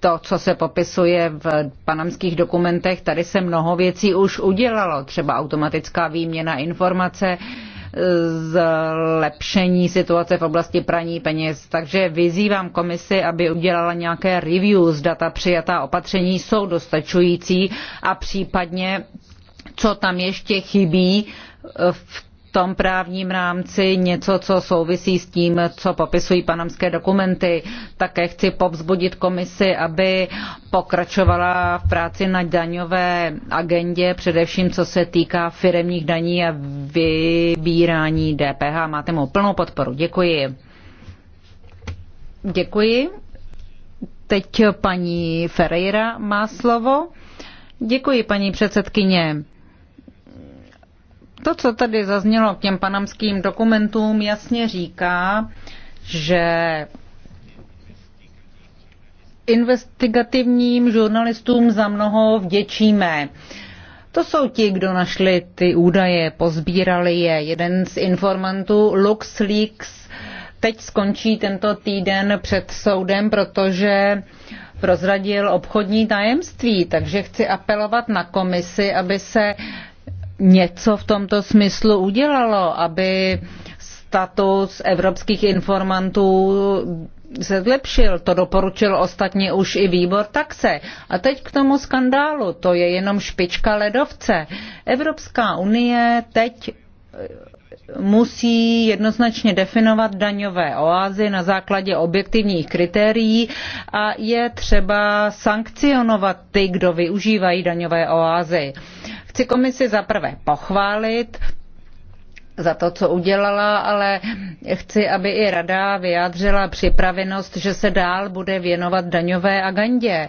to, co se popisuje v panamských dokumentech, tady se mnoho věcí už udělalo, třeba automatická výměna informace, zlepšení situace v oblasti praní peněz. Takže vyzývám komisi, aby udělala nějaké review z data přijatá opatření jsou dostačující a případně co tam ještě chybí v tom právním rámci něco, co souvisí s tím, co popisují panamské dokumenty. Také chci povzbudit komisi, aby pokračovala v práci na daňové agendě, především co se týká firemních daní a vybírání DPH. Máte mou plnou podporu. Děkuji. Děkuji. Teď paní Ferreira má slovo. Děkuji, paní předsedkyně. To, co tady zaznělo k těm panamským dokumentům, jasně říká, že investigativním žurnalistům za mnoho vděčíme. To jsou ti, kdo našli ty údaje, pozbírali je. Jeden z informantů LuxLeaks teď skončí tento týden před soudem, protože prozradil obchodní tajemství. Takže chci apelovat na komisi, aby se něco v tomto smyslu udělalo, aby status evropských informantů se zlepšil. To doporučil ostatně už i výbor taxe. A teď k tomu skandálu. To je jenom špička ledovce. Evropská unie teď eh, musí jednoznačně definovat daňové oázy na základě objektivních kritérií a je třeba sankcionovat ty, kdo využívají daňové oázy. Uh, Chci komisi zaprvé pochválit za to, co udělala, ale chci, aby i rada vyjádřila připravenost, že se dál bude věnovat daňové agendě.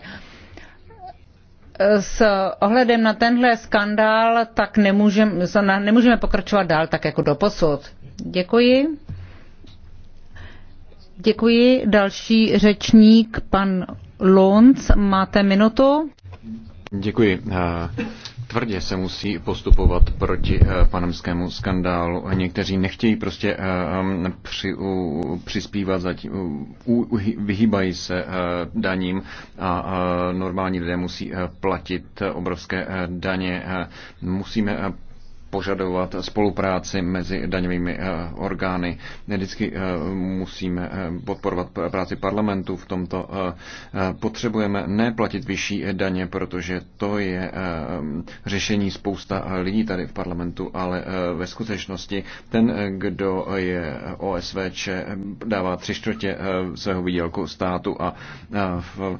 S ohledem na tenhle skandál tak nemůžeme, nemůžeme pokračovat dál tak jako do posud. Děkuji. Děkuji. Další řečník, pan Lunc, máte minutu. Děkuji. Tvrdě se musí postupovat proti eh, panemskému skandálu. Někteří nechtějí prostě eh, mm, při, přispívat, u, vyhýbají se eh, daním a normální lidé musí platit obrovské daně. Musíme požadovat spolupráci mezi daňovými eh, orgány. Vždycky eh, musíme eh, podporovat práci parlamentu v tomto. Potřebujeme neplatit vyšší daně, protože to je řešení spousta lidí tady v parlamentu, ale ve skutečnosti ten, kdo je OSVČ, dává tři čtvrtě svého výdělku státu a v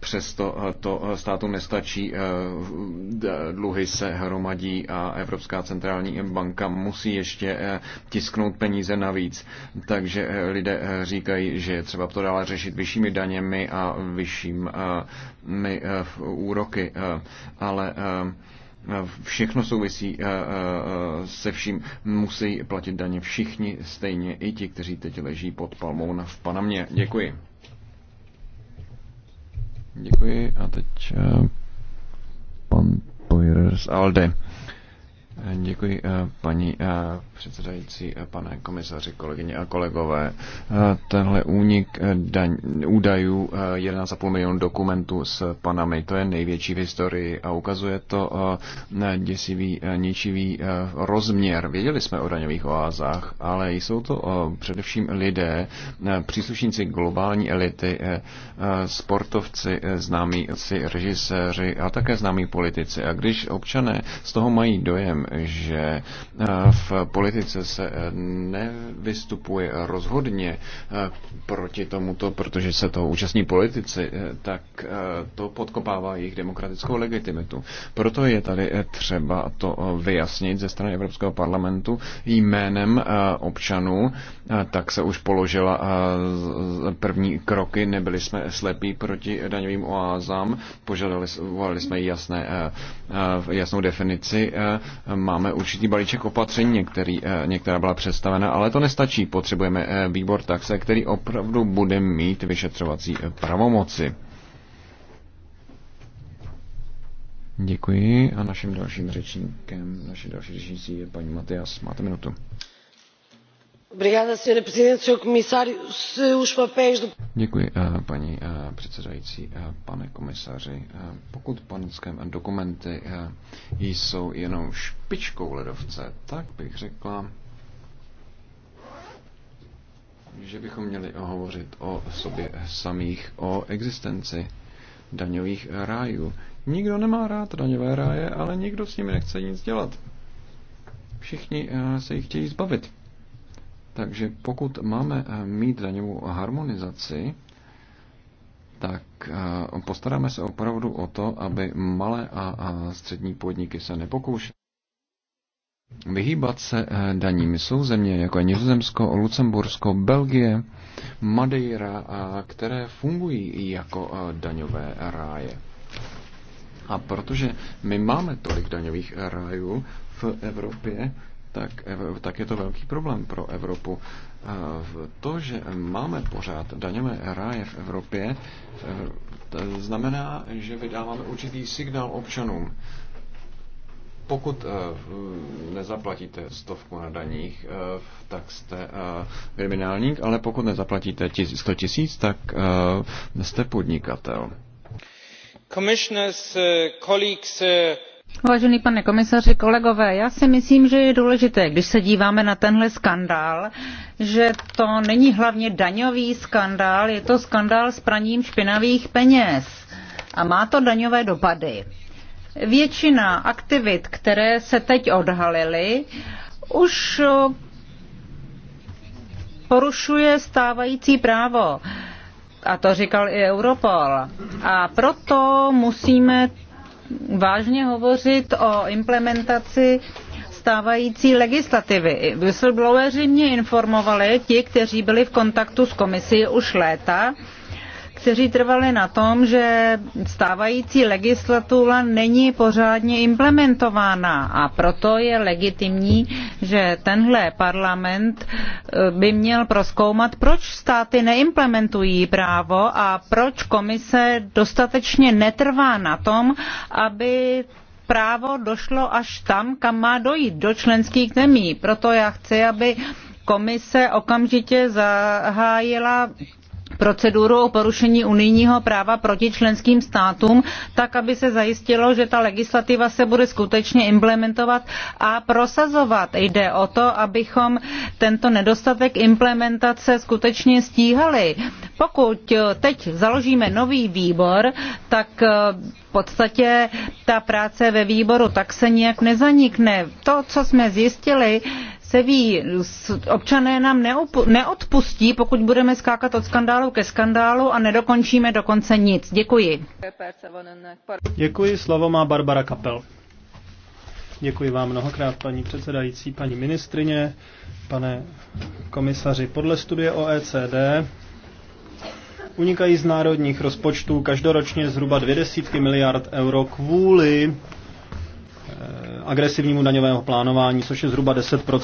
přesto to státu nestačí, eh, dluhy se hromadí a Evropská centrální banka musí ještě eh, tisknout peníze navíc. Takže eh, lidé říkají, že je třeba to dále řešit vyššími daněmi a vyššími úroky. Ale všechno souvisí se vším. Musí platit daně všichni stejně, i ti, kteří teď leží pod palmou v Panamě. Děkuji. Děkuji a teď uh, pan Poirer z Alde. Eh, děkuji uh, paní uh, předsedající, eh, pane komisaři, kolegyně a kolegové. Eh, tenhle únik eh, daň, údajů 1,5 milionu dokumentů s Panamy, to je největší v historii a ukazuje to děsivý, ničivý rozměr. Věděli jsme o daňových oázách, ale jsou to především lidé, příslušníci globální elity, sportovci, známí režiséři a také známí politici. A když občané z toho mají dojem, že v politice politice se eh, nevystupuje rozhodně eh, proti tomuto, protože se to účastní politici, eh, tak to podkopává jejich demokratickou legitimitu. Proto je tady třeba to vyjasnit ze strany Evropského parlamentu jménem občanů, tak se už položila první kroky, nebyli jsme slepí proti daňovým oázám, požadovali jsme jasné, jasnou definici, máme určitý balíček opatření, který Eh, některá byla představena, ale to nestačí. Potřebujeme eh, výbor taxe, který opravdu bude mít vyšetřovací eh, pravomoci. Děkuji a naším dalším řečníkem, naším další řečnicí je paní Matias. Máte minutu. Děkuji, eh, paní eh, předsedající, eh, pane komisaři. Pokud panické dokumenty jsou jenom špičkou ledovce, tak bych řekla, že bychom měli hovořit o sobě samých, o existenci daňových rájů. Nikdo nemá rád daňové ráje, ale nikdo s nimi nechce nic dělat. Všichni se jich chtějí zbavit. Takže pokud máme eh, mít daňovou harmonizaci, tak eh, postaráme se opravdu o to, aby malé a střední podniky se nepokoušely vyhýbat se eh, daním. Jsou země jako je Nizozemsko, Lucembursko, Belgie, Madeira, které fungují jako daňové ráje. A protože my máme tolik daňových rájů v Evropě, tak, tak je to velký problém pro Evropu. To, že máme pořád daňové ráje v Evropě, e, znamená, že vydáváme určitý signál občanům. Pokud e, nezaplatíte stovku na daních, e, tak jste kriminálník, ale pokud nezaplatíte 100 tisíc, tak jste podnikatel. Commissioners, colleagues, Vážený pane komisaři, kolegové, já si myslím, že je důležité, když se díváme na tenhle skandál, že to není hlavně daňový skandál, je to skandál s praním špinavých peněz. A má to daňové dopady. Většina aktivit, které se teď odhalily, už porušuje stávající právo. A to říkal i Europol. A proto musíme vážně hovořit o implementaci stávající legislativy. Whistlebloweri mě informovali, ti, kteří byli v kontaktu s komisí už léta, kteří trvali na tom, že stávající legislativa není pořádně implementována a proto je legitimní, že tenhle parlament eh, by měl proskoumat, proč státy neimplementují právo a proč komise dostatečně netrvá na tom, aby právo došlo až tam, kam má dojít, do členských zemí. Proto já chci, aby komise okamžitě zahájila proceduru o porušení unijního práva proti členským státům, tak aby se zajistilo, že ta legislativa se bude skutečně implementovat a prosazovat. Jde o to, abychom tento nedostatek implementace skutečně stíhali. Pokud eh, teď založíme nový výbor, tak eh, v podstatě ta práce ve výboru tak se nijak nezanikne. To, co jsme zjistili, se ví. Občané nám neodpustí, pokud budeme skákat od skandálu ke skandálu a nedokončíme dokonce nic. Děkuji. Děkuji, slovo má Barbara Kapel. Děkuji vám mnohokrát, paní předsedající, paní ministrině, pane komisaři. Podle studie OECD unikají z národních rozpočtů každoročně zhruba dvě desítky miliard euro kvůli agresivnímu daňového plánování, což je zhruba 10 eh,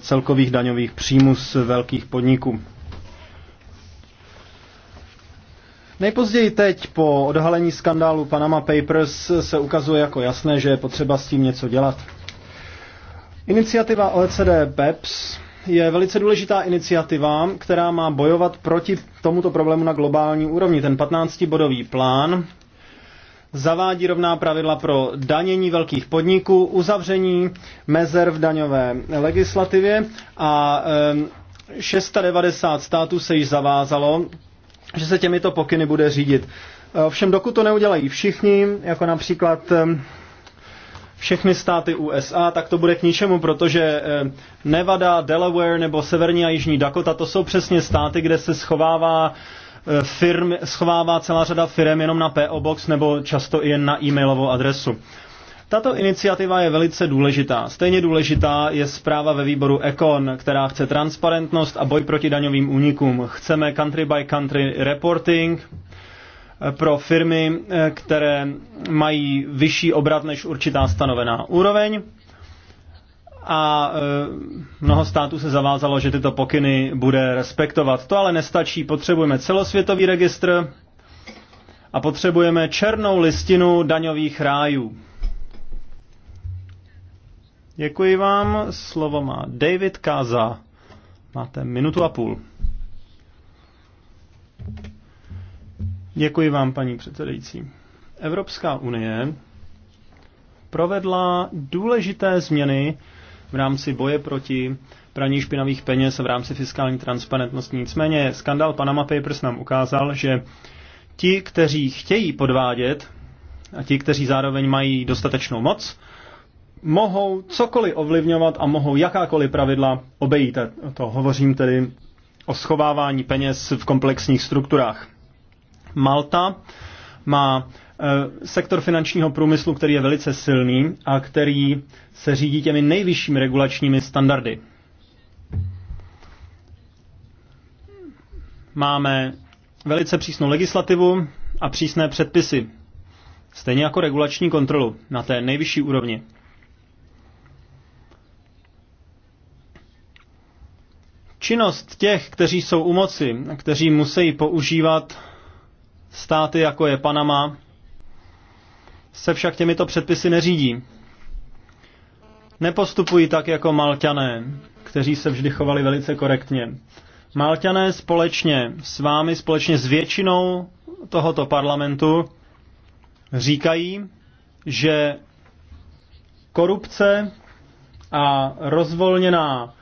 celkových daňových příjmů z velkých podniků. Nejpozději teď po odhalení skandálu Panama Papers se ukazuje jako jasné, že je potřeba s tím něco dělat. Iniciativa OECD BEPS je velice důležitá iniciativa, která má bojovat proti tomuto problému na globální úrovni. Ten 15-bodový plán zavádí rovná pravidla pro danění velkých podniků, uzavření mezer v daňové legislativě a 690 eh, států se již zavázalo, že se těmito pokyny bude řídit. Eh, ovšem dokud to neudělají všichni, jako například eh, všechny státy USA, tak to bude k ničemu, protože Nevada, Delaware nebo Severní a Jižní Dakota, to jsou přesně státy, kde se schovává Eh, firm, schovává celá řada firm jenom na PO Box nebo často i jen na e-mailovou adresu. Tato iniciativa je velice důležitá. Stejně důležitá je zpráva ve výboru Econ, která chce transparentnost a boj proti daňovým únikům. Chceme country by country reporting eh, pro firmy, eh, které mají vyšší obrat než určitá stanovená úroveň a e, mnoho států se zavázalo, že tyto pokyny bude respektovat. To ale nestačí, potřebujeme celosvětový registr a potřebujeme černou listinu daňových rájů. Děkuji vám, slovo má David Kaza. Máte minutu a půl. Děkuji vám, paní předsedající. Evropská unie provedla důležité změny v rámci boje proti praní špinavých peněz v rámci fiskální transparentnosti. Nicméně skandal Panama Papers nám ukázal, že ti, kteří chtějí podvádět a ti, kteří zároveň mají dostatečnou moc, mohou cokoliv ovlivňovat a mohou jakákoliv pravidla obejít. To hovořím tedy o schovávání peněz v komplexních strukturách. Malta má Eh, sektor finančního průmyslu, který je velice silný a který se řídí těmi nejvyššími regulačními standardy. Máme velice přísnou legislativu a přísné předpisy, stejně jako regulační kontrolu na té nejvyšší úrovni. Činnost těch, kteří jsou u moci, kteří musí používat státy, jako je Panama, se však těmito předpisy neřídí. Nepostupují tak jako Malťané, kteří se vždy chovali velice korektně. Malťané společně s vámi, společně s většinou tohoto parlamentu říkají, že korupce a rozvolněná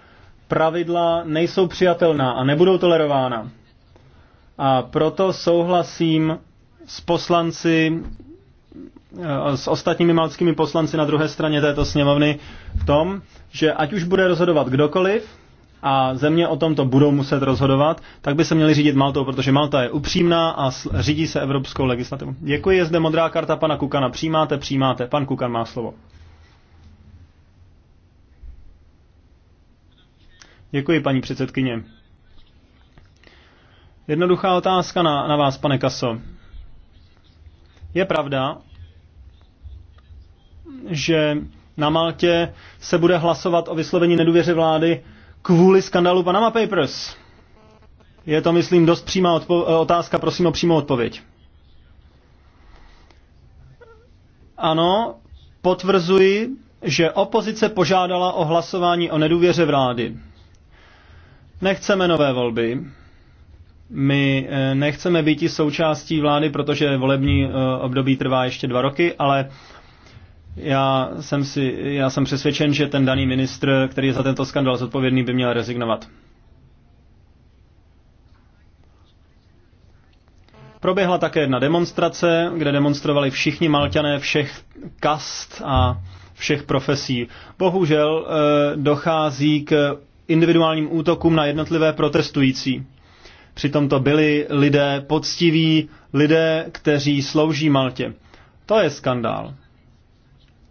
pravidla nejsou přijatelná a nebudou tolerována. A proto souhlasím s poslanci Eh, s ostatními maltskými poslanci na druhé straně této sněmovny v tom, že ať už bude rozhodovat kdokoliv, a země o tomto budou muset rozhodovat, tak by se měli řídit Maltou, protože Malta je upřímná a řídí se evropskou legislativu. Děkuji, je zde modrá karta pana Kukana. Přijímáte, přijímáte. Pan Kukan má slovo. Děkuji, paní předsedkyně. Jednoduchá otázka na, na vás, pane Kaso. Je pravda, že na Maltě se bude hlasovat o vyslovení nedůvěře vlády kvůli skandalu Panama Papers? Je to, myslím, dost přímá eh, otázka, prosím o přímou odpověď. Ano, potvrzuji, že opozice požádala o hlasování o nedůvěře vlády. Nechceme nové volby. My eh, nechceme být součástí vlády, protože volební eh, období trvá ještě dva roky, ale já jsem, si, já jsem přesvědčen, že ten daný ministr, který je za tento skandal zodpovědný, by měl rezignovat. Proběhla také jedna demonstrace, kde demonstrovali všichni Malťané všech kast a všech profesí. Bohužel eh, dochází k individuálním útokům na jednotlivé protestující. Přitom to byli lidé poctiví, lidé, kteří slouží Maltě. To je skandál.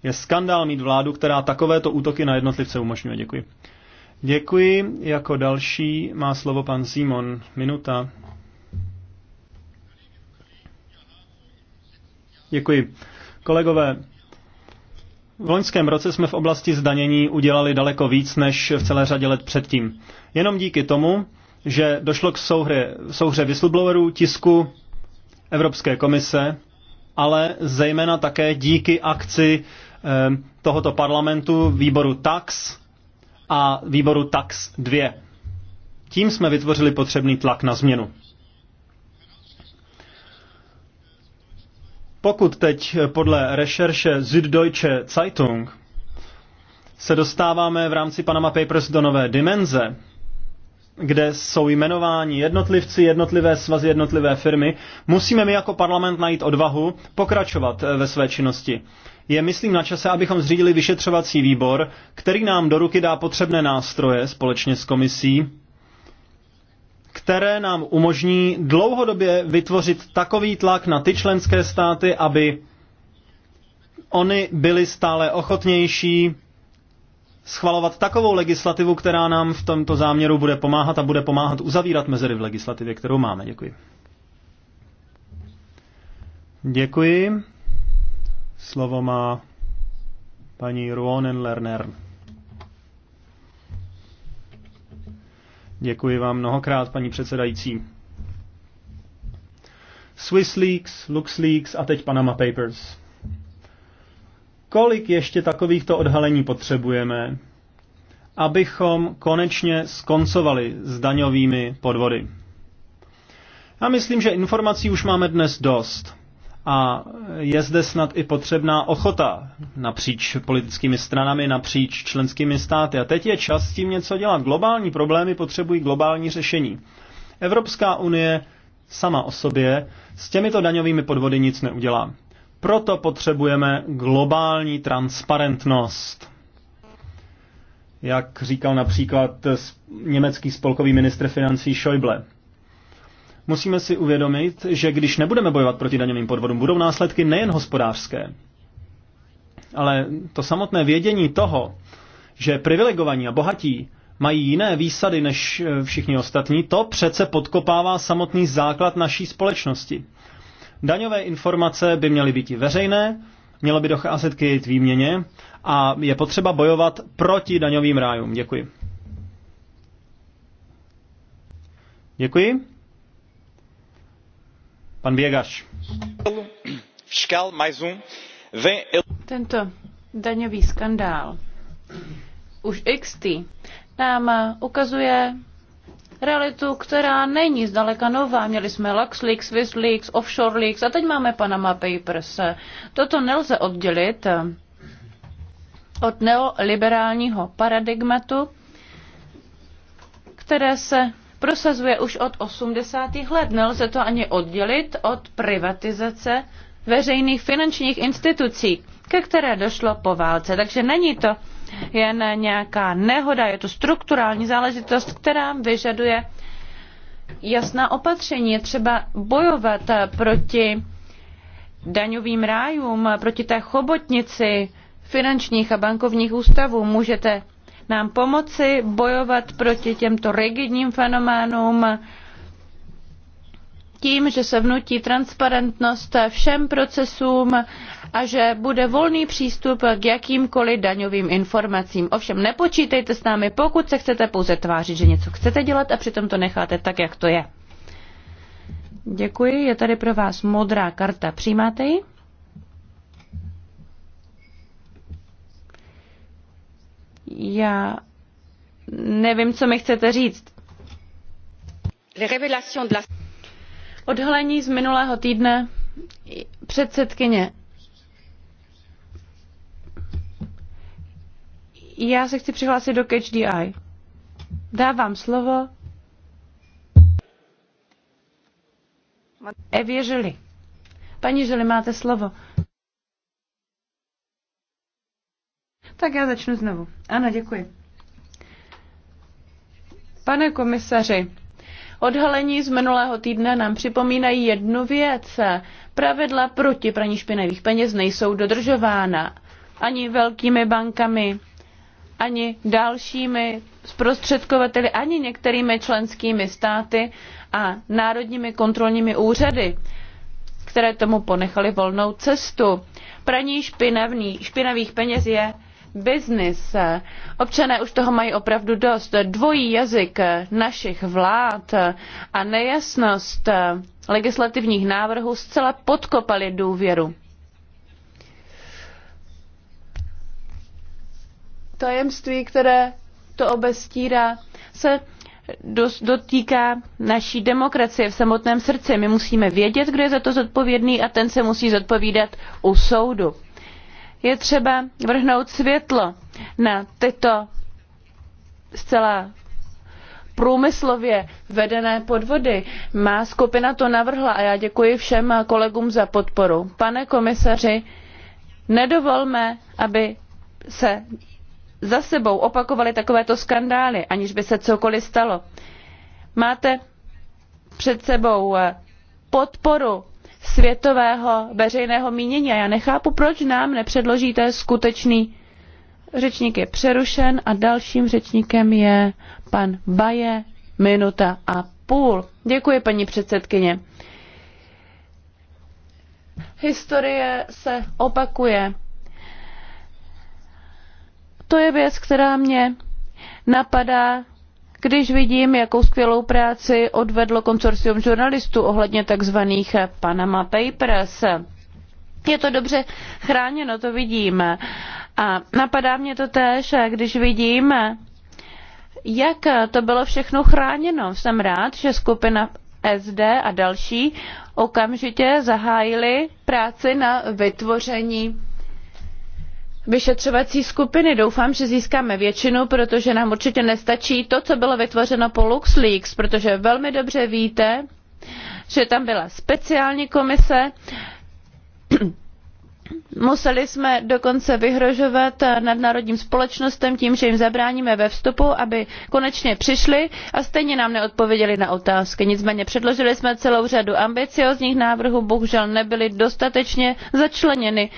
Je skandál mít vládu, která takovéto útoky na jednotlivce umožňuje. Děkuji. Děkuji. Jako další má slovo pan Simon. Minuta. Děkuji. Kolegové, v loňském roce jsme v oblasti zdanění udělali daleko víc než v celé řadě let předtím. Jenom díky tomu, že došlo k souhře, souhře whistleblowerů, tisku, Evropské komise, ale zejména také díky akci Ehm, tohoto parlamentu, výboru TAX a výboru TAX 2. Tím jsme vytvořili potřebný tlak na změnu. Pokud teď podle rešerše Süddeutsche Zeitung se dostáváme v rámci Panama Papers do nové dimenze, kde jsou jmenováni jednotlivci, jednotlivé svazy, jednotlivé firmy, musíme my jako parlament najít odvahu pokračovat ve své činnosti je, myslím, na čase, abychom zřídili vyšetřovací výbor, který nám do ruky dá potřebné nástroje společně s komisí, které nám umožní dlouhodobě vytvořit takový tlak na ty členské státy, aby oni byli stále ochotnější schvalovat takovou legislativu, která nám v tomto záměru bude pomáhat a bude pomáhat uzavírat mezery v legislativě, kterou máme. Děkuji. Děkuji. Slovo má paní Ruonen Lerner. Děkuji vám mnohokrát, paní předsedající. Swiss Leaks, Lux Leaks a teď Panama Papers. Kolik ještě takovýchto odhalení potřebujeme, abychom konečně skoncovali s daňovými podvody? Já myslím, že informací už máme dnes dost. A je zde snad i potřebná ochota napříč politickými stranami, napříč členskými státy. A teď je čas s tím něco dělat. Globální problémy potřebují globální řešení. Evropská unie sama o sobě s těmito daňovými podvody nic neudělá. Proto potřebujeme globální transparentnost. Jak říkal například německý spolkový ministr financí Schäuble. Musíme si uvědomit, že když nebudeme bojovat proti daňovým podvodům, budou následky nejen hospodářské, ale to samotné vědění toho, že privilegovaní a bohatí mají jiné výsady než eh, všichni ostatní, to přece podkopává samotný základ naší společnosti. Daňové informace by měly být i veřejné, mělo by docházet k jejich výměně a je potřeba bojovat proti daňovým rájům. Děkuji. Děkuji. Um. Tento daňový skandál už XT nám ukazuje realitu, která není zdaleka nová. Měli jsme LuxLeaks, SwissLeaks, Offshore Leaks a teď máme Panama Papers. Toto nelze oddělit od neoliberálního paradigmatu, které se prosazuje už od 80. let. Nelze to ani oddělit od privatizace veřejných finančních institucí, ke které došlo po válce. Takže není to jen nějaká nehoda, je to strukturální záležitost, která vyžaduje jasná opatření. Je třeba bojovat proti daňovým rájům, proti té chobotnici finančních a bankovních ústavů. Můžete nám pomoci bojovat proti těmto rigidním fenoménům tím, že se vnutí transparentnost všem procesům a že bude volný přístup k jakýmkoliv daňovým informacím. Ovšem nepočítejte s námi, pokud se chcete pouze tvářit, že něco chcete dělat a přitom to necháte tak, jak to je. Děkuji, je tady pro vás modrá karta. Přijímáte ji? Já nevím, co mi chcete říct. Odhalení z minulého týdne předsedkyně. Já se chci přihlásit do Catch the Eye. Dávám slovo Evě Žili. Paní Žili, máte slovo. Tak já začnu znovu. Ano, děkuji. Pane komisaři, odhalení z minulého týdne nám připomínají jednu věc. Pravidla proti praní špinavých peněz nejsou dodržována ani velkými bankami, ani dalšími zprostředkovateli, ani některými členskými státy a národními kontrolními úřady, které tomu ponechali volnou cestu. Praní špinavný, špinavých peněz je biznis. Občané už toho mají opravdu dost. Dvojí jazyk našich vlád a nejasnost legislativních návrhů zcela podkopaly důvěru. Tajemství, které to obestírá, se dotýká naší demokracie v samotném srdci. My musíme vědět, kdo je za to zodpovědný a ten se musí zodpovídat u soudu je třeba vrhnout světlo na tyto zcela průmyslově vedené podvody. Má skupina to navrhla a já děkuji všem kolegům za podporu. Pane komisaři, nedovolme, aby se za sebou opakovaly takovéto skandály, aniž by se cokoliv stalo. Máte před sebou podporu světového veřejného mínění. A já nechápu, proč nám nepředložíte skutečný řečník je přerušen a dalším řečníkem je pan Baje, minuta a půl. Děkuji, paní předsedkyně. Historie se opakuje. To je věc, která mě napadá když vidím, jakou skvělou práci odvedlo konsorcium žurnalistů ohledně tzv. Panama Papers. Je to dobře chráněno, to vidíme. A napadá mě to též, když vidím, jak to bylo všechno chráněno. Jsem rád, že skupina SD a další okamžitě zahájili práci na vytvoření vyšetřovací skupiny. Doufám, že získáme většinu, protože nám určitě nestačí to, co bylo vytvořeno po LuxLeaks, protože velmi dobře víte, že tam byla speciální komise, Museli jsme dokonce vyhrožovat nadnárodním společnostem tím, že jim zabráníme ve vstupu, aby konečně přišli a stejně nám neodpověděli na otázky. Nicméně předložili jsme celou řadu ambiciozních návrhů, bohužel nebyly dostatečně začleněny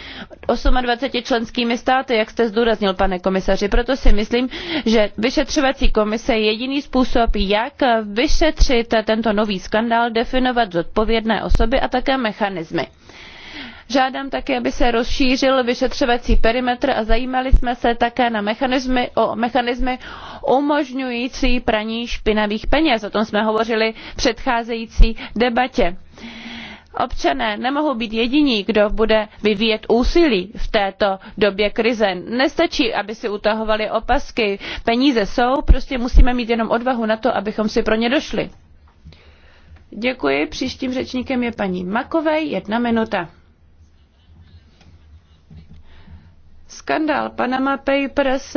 28 členskými státy, jak jste zdůraznil, pane komisaři. Proto si myslím, že vyšetřovací komise je jediný způsob, jak vyšetřit tento nový skandál, definovat zodpovědné osoby a také mechanismy žádám také aby se rozšířil vyšetřovací perimetr a zajímali jsme se také na mechanismy, o mechanismy umožňující praní špinavých peněz o tom jsme hovořili v předcházející debatě. občané nemohou být jediní kdo bude vyvíjet úsilí v této době krize. nestačí aby si utahovali opasky peníze jsou prostě musíme mít jenom odvahu na to abychom si pro ně došli. Děkuji. Příštím řečníkem je paní Makovej. Jedna minuta. Skandál Panama Papers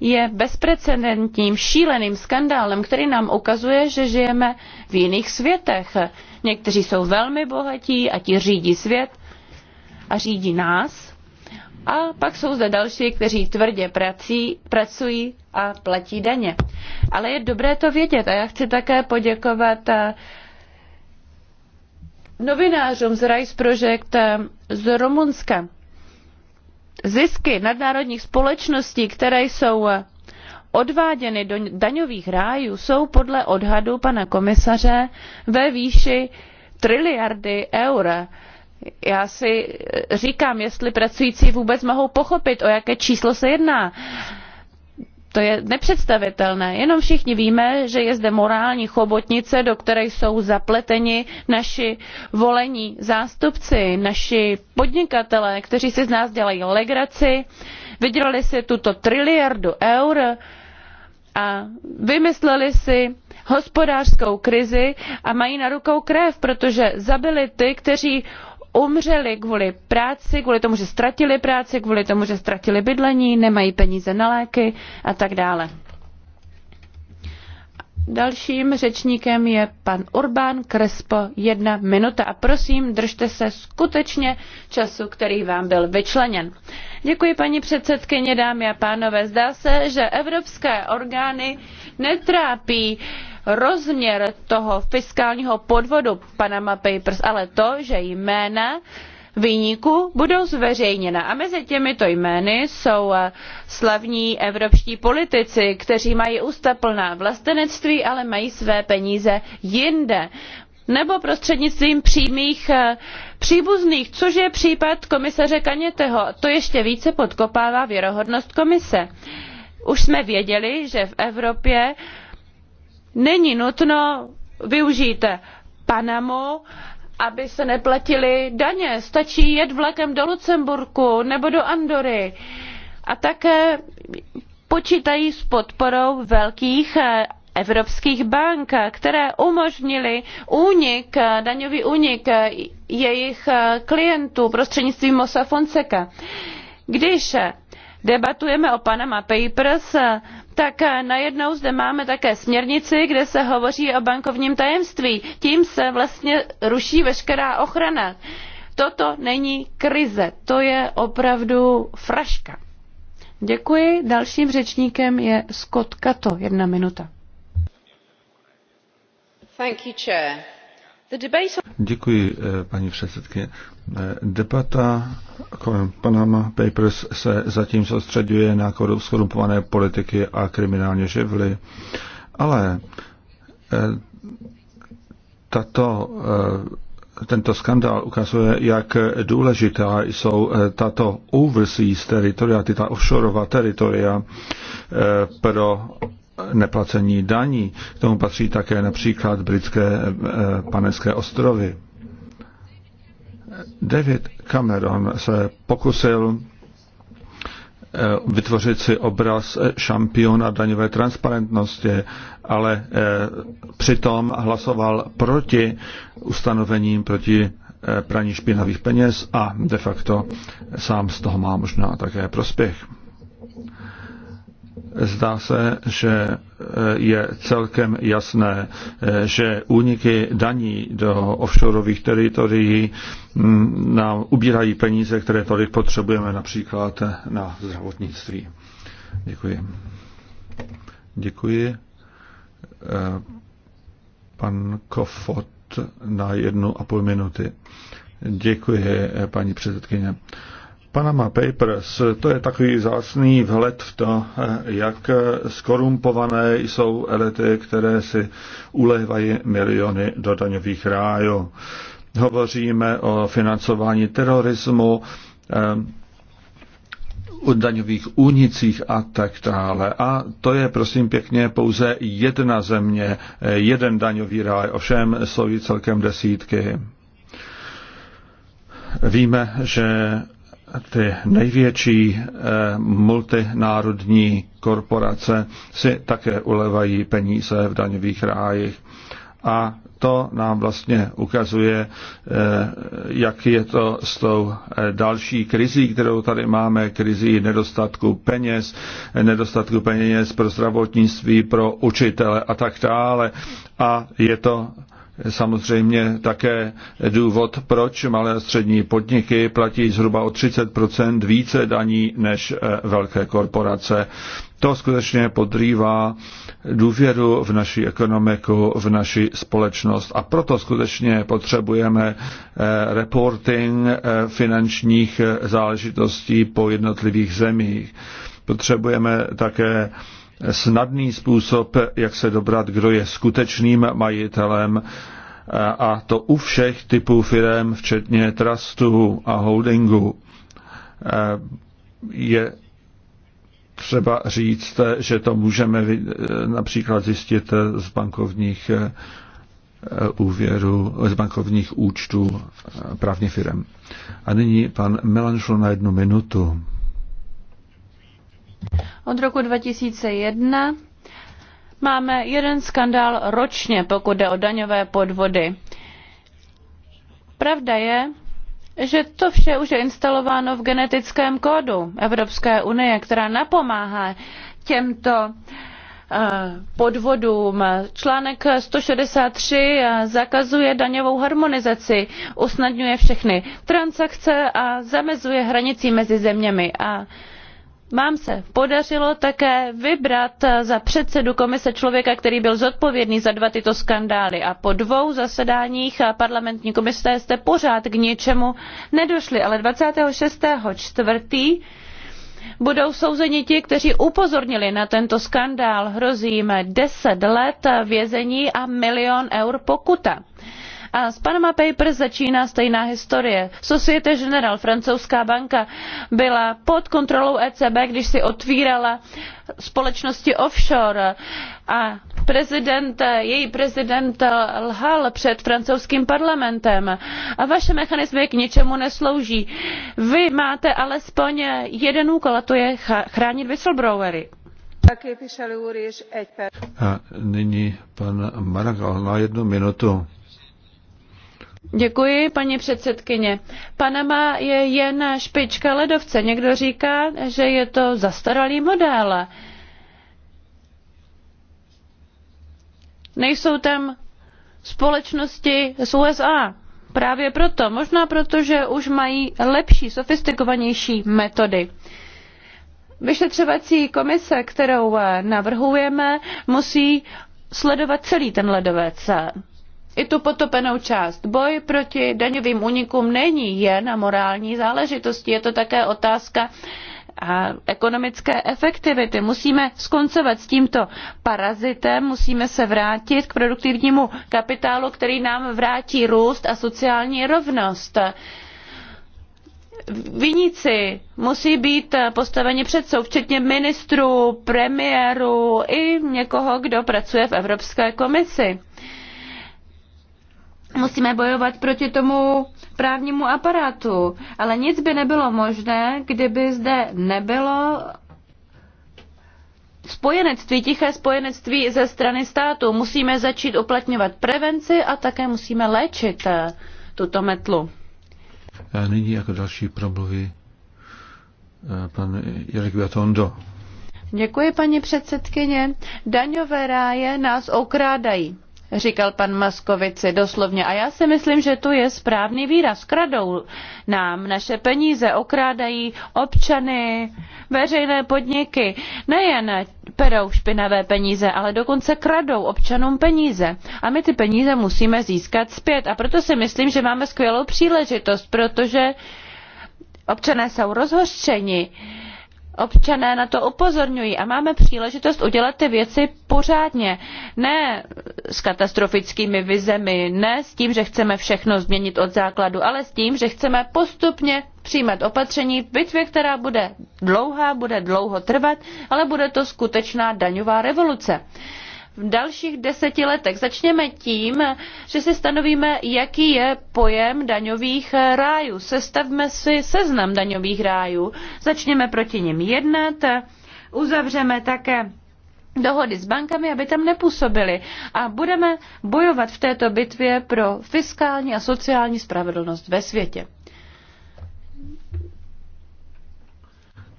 je bezprecedentním, šíleným skandálem, který nám ukazuje, že žijeme v jiných světech. Někteří jsou velmi bohatí a ti řídí svět a řídí nás. A pak jsou zde další, kteří tvrdě prací, pracují a platí daně. Ale je dobré to vědět a já chci také poděkovat eh, novinářům z Rice Project eh, z Rumunska zisky nadnárodních společností, které jsou eh, odváděny do daňových rájů, jsou podle odhadu pana komisaře ve výši triliardy eur. Já si eh, říkám, jestli pracující vůbec mohou pochopit, o jaké číslo se jedná. To je nepředstavitelné. Jenom všichni víme, že je zde morální chobotnice, do které jsou zapleteni naši volení zástupci, naši podnikatelé, kteří si z nás dělají legraci, vydělali si tuto triliardu eur a vymysleli si hospodářskou krizi a mají na rukou krev, protože zabili ty, kteří umřeli kvůli práci, kvůli tomu, že ztratili práci, kvůli tomu, že ztratili bydlení, nemají peníze na léky a tak dále. Dalším řečníkem je pan Urbán Krespo, jedna minuta. A prosím, držte se skutečně času, který vám byl vyčleněn. Děkuji paní předsedkyně, dámy a pánové. Zdá se, že evropské orgány netrápí uh, rozměr toho fiskálního podvodu Panama Papers, ale to, že jména viníků budou zveřejněna. A mezi těmito jmény jsou eh, slavní evropští politici, kteří mají ústa plná vlastenectví, ale mají své peníze jinde nebo prostřednictvím přímých eh, příbuzných což je případ komisaře caeteho to ještě více podkopává věrohodnost komise. už jsme věděli že v evropě není nutno využít panamu aby se neplatily daně stačí jet vlakem do lucemburku nebo do andory a také počítají s podporou velkých eh, evropských bank které umožnily únik eh, daňový únik eh, jejich klientů prostřednictvím mosa fonseca. když debatujeme o panama papers tak eh, najednou zde máme také směrnici kde se hovoří o bankovním tajemství. tím se vlastně ruší veškerá ochrana. toto není krize to je opravdu fraška. Děkuji. Dalším řečníkem je Scott Cato. Jedna minuta. Děkuji, eh, paní předsedkyně. Debata eh, Panama Papers se zatím soustředuje na skorumpované politiky a kriminálně živly, ale eh, tato, eh, tento skandál ukazuje, jak důležitá jsou tato overseas teritoria, ta offshoreová teritoria pro neplacení daní. K tomu patří také například britské panenské ostrovy. David Cameron se pokusil eh, vytvořit si obraz šampiona daňové transparentnosti, ale eh, přitom hlasoval proti ustanovením proti eh, praní špinavých peněz a de facto sám z toho má možná také prospěch. Zdá se, že eh, je celkem jasné, eh, že úniky daní do offshoreových teritorií mm, nám ubírají peníze, které tolik potřebujeme, například eh, na zdravotnictví. Děkuji. Děkuji. Pan Kofot na jednu a půl minuty. Děkuji, paní předsedkyně. Panama Papers, to je takový zácný vhled v to, jak skorumpované jsou elity, které si ulevají miliony do daňových rájů. Hovoříme o financování terorismu, o eh, daňových únicích a tak dále. A to je, prosím pěkně, pouze jedna země, eh, jeden daňový ráj, ovšem jsou ji celkem desítky. Víme, že ty největší eh, multinárodní korporace si také ulevají peníze v daňových rájích. A to nám vlastně ukazuje, eh, jak je to s tou eh, další krizí, kterou tady máme, krizí nedostatku peněz, nedostatku peněz pro zdravotnictví, pro učitele a tak dále. A je to samozřejmě také důvod, proč malé a střední podniky platí zhruba o 30 více daní než eh, velké korporace. To skutečně podrývá důvěru v naši ekonomiku, v naši společnost a proto skutečně potřebujeme eh, reporting eh, finančních záležitostí po jednotlivých zemích. Potřebujeme také snadný způsob, jak se dobrat, kdo je skutečným majitelem eh, a to u všech typů firm, včetně trustu a holdingu. Eh, je třeba říct, že to můžeme eh, například zjistit z bankovních úvěru, z bankovních účtů právně firem. A nyní pan Melanchon na jednu minutu. Od roku 2001 máme jeden skandál ročně, pokud jde o daňové podvody. Pravda je, že to vše už je instalováno v genetickém kódu Evropské unie, která napomáhá těmto eh, podvodům. Článek 163 eh, zakazuje daňovou harmonizaci, usnadňuje všechny transakce a zamezuje hranicí mezi zeměmi. A vám se podařilo také vybrat eh, za předsedu komise člověka který byl zodpovědný za dva tyto skandály a po dvou zasedáních eh, parlamentní komise jste pořád k ničemu nedošli ale. twenty six four budou souzeni ti kteří upozornili na tento skandál hrozí jim ten let eh, vězení a milion eur pokuta. A s Panama Papers začíná stejná historie. Societe General, francouzská banka, byla pod kontrolou ECB, když si otvírala společnosti offshore a prezident, její prezident lhal před francouzským parlamentem a vaše mechanismy k ničemu neslouží. Vy máte alespoň jeden úkol a to je chránit whistleblowery. A nyní pan Maragal na jednu minutu. Děkuji, paní předsedkyně. Panama je jen špička ledovce. Někdo říká, že je to zastaralý model. Nejsou tam společnosti z USA. Právě proto, možná proto, že už mají lepší, sofistikovanější metody. Vyšetřovací komise, kterou navrhujeme, musí sledovat celý ten ledovec i tu potopenou část. Boj proti daňovým únikům není jen morální záležitosti, je to také otázka a ekonomické efektivity. Musíme skoncovat s tímto parazitem, musíme se vrátit k produktivnímu kapitálu, který nám vrátí růst a sociální rovnost. Viníci musí být postaveni před soud, včetně ministrů, premiérů i někoho, kdo pracuje v Evropské komisi. Musíme bojovat proti tomu právnímu aparátu, ale nic by nebylo možné, kdyby zde nebylo spojenectví, tiché spojenectví ze strany státu. Musíme začít uplatňovat prevenci a také musíme léčit eh, tuto metlu. A nyní jako další promluví eh, pan Jarek Viatondo. Děkuji, paní předsedkyně. Daňové ráje nás okrádají říkal pan Maskovici doslovně. A já si myslím, že tu je správný výraz. Kradou nám naše peníze, okrádají občany, veřejné podniky. Nejen perou špinavé peníze, ale dokonce kradou občanům peníze. A my ty peníze musíme získat zpět. A proto si myslím, že máme skvělou příležitost, protože občané jsou rozhořčeni Občané na to upozorňují a máme příležitost udělat ty věci pořádně. Ne s katastrofickými vizemi, ne s tím, že chceme všechno změnit od základu, ale s tím, že chceme postupně přijímat opatření v bitvě, která bude dlouhá, bude dlouho trvat, ale bude to skutečná daňová revoluce v dalších deseti letech. Začněme tím, že si stanovíme, jaký je pojem daňových rájů. Sestavme si seznam daňových rájů. Začněme proti nim jednat. Uzavřeme také dohody s bankami, aby tam nepůsobili. A budeme bojovat v této bitvě pro fiskální a sociální spravedlnost ve světě.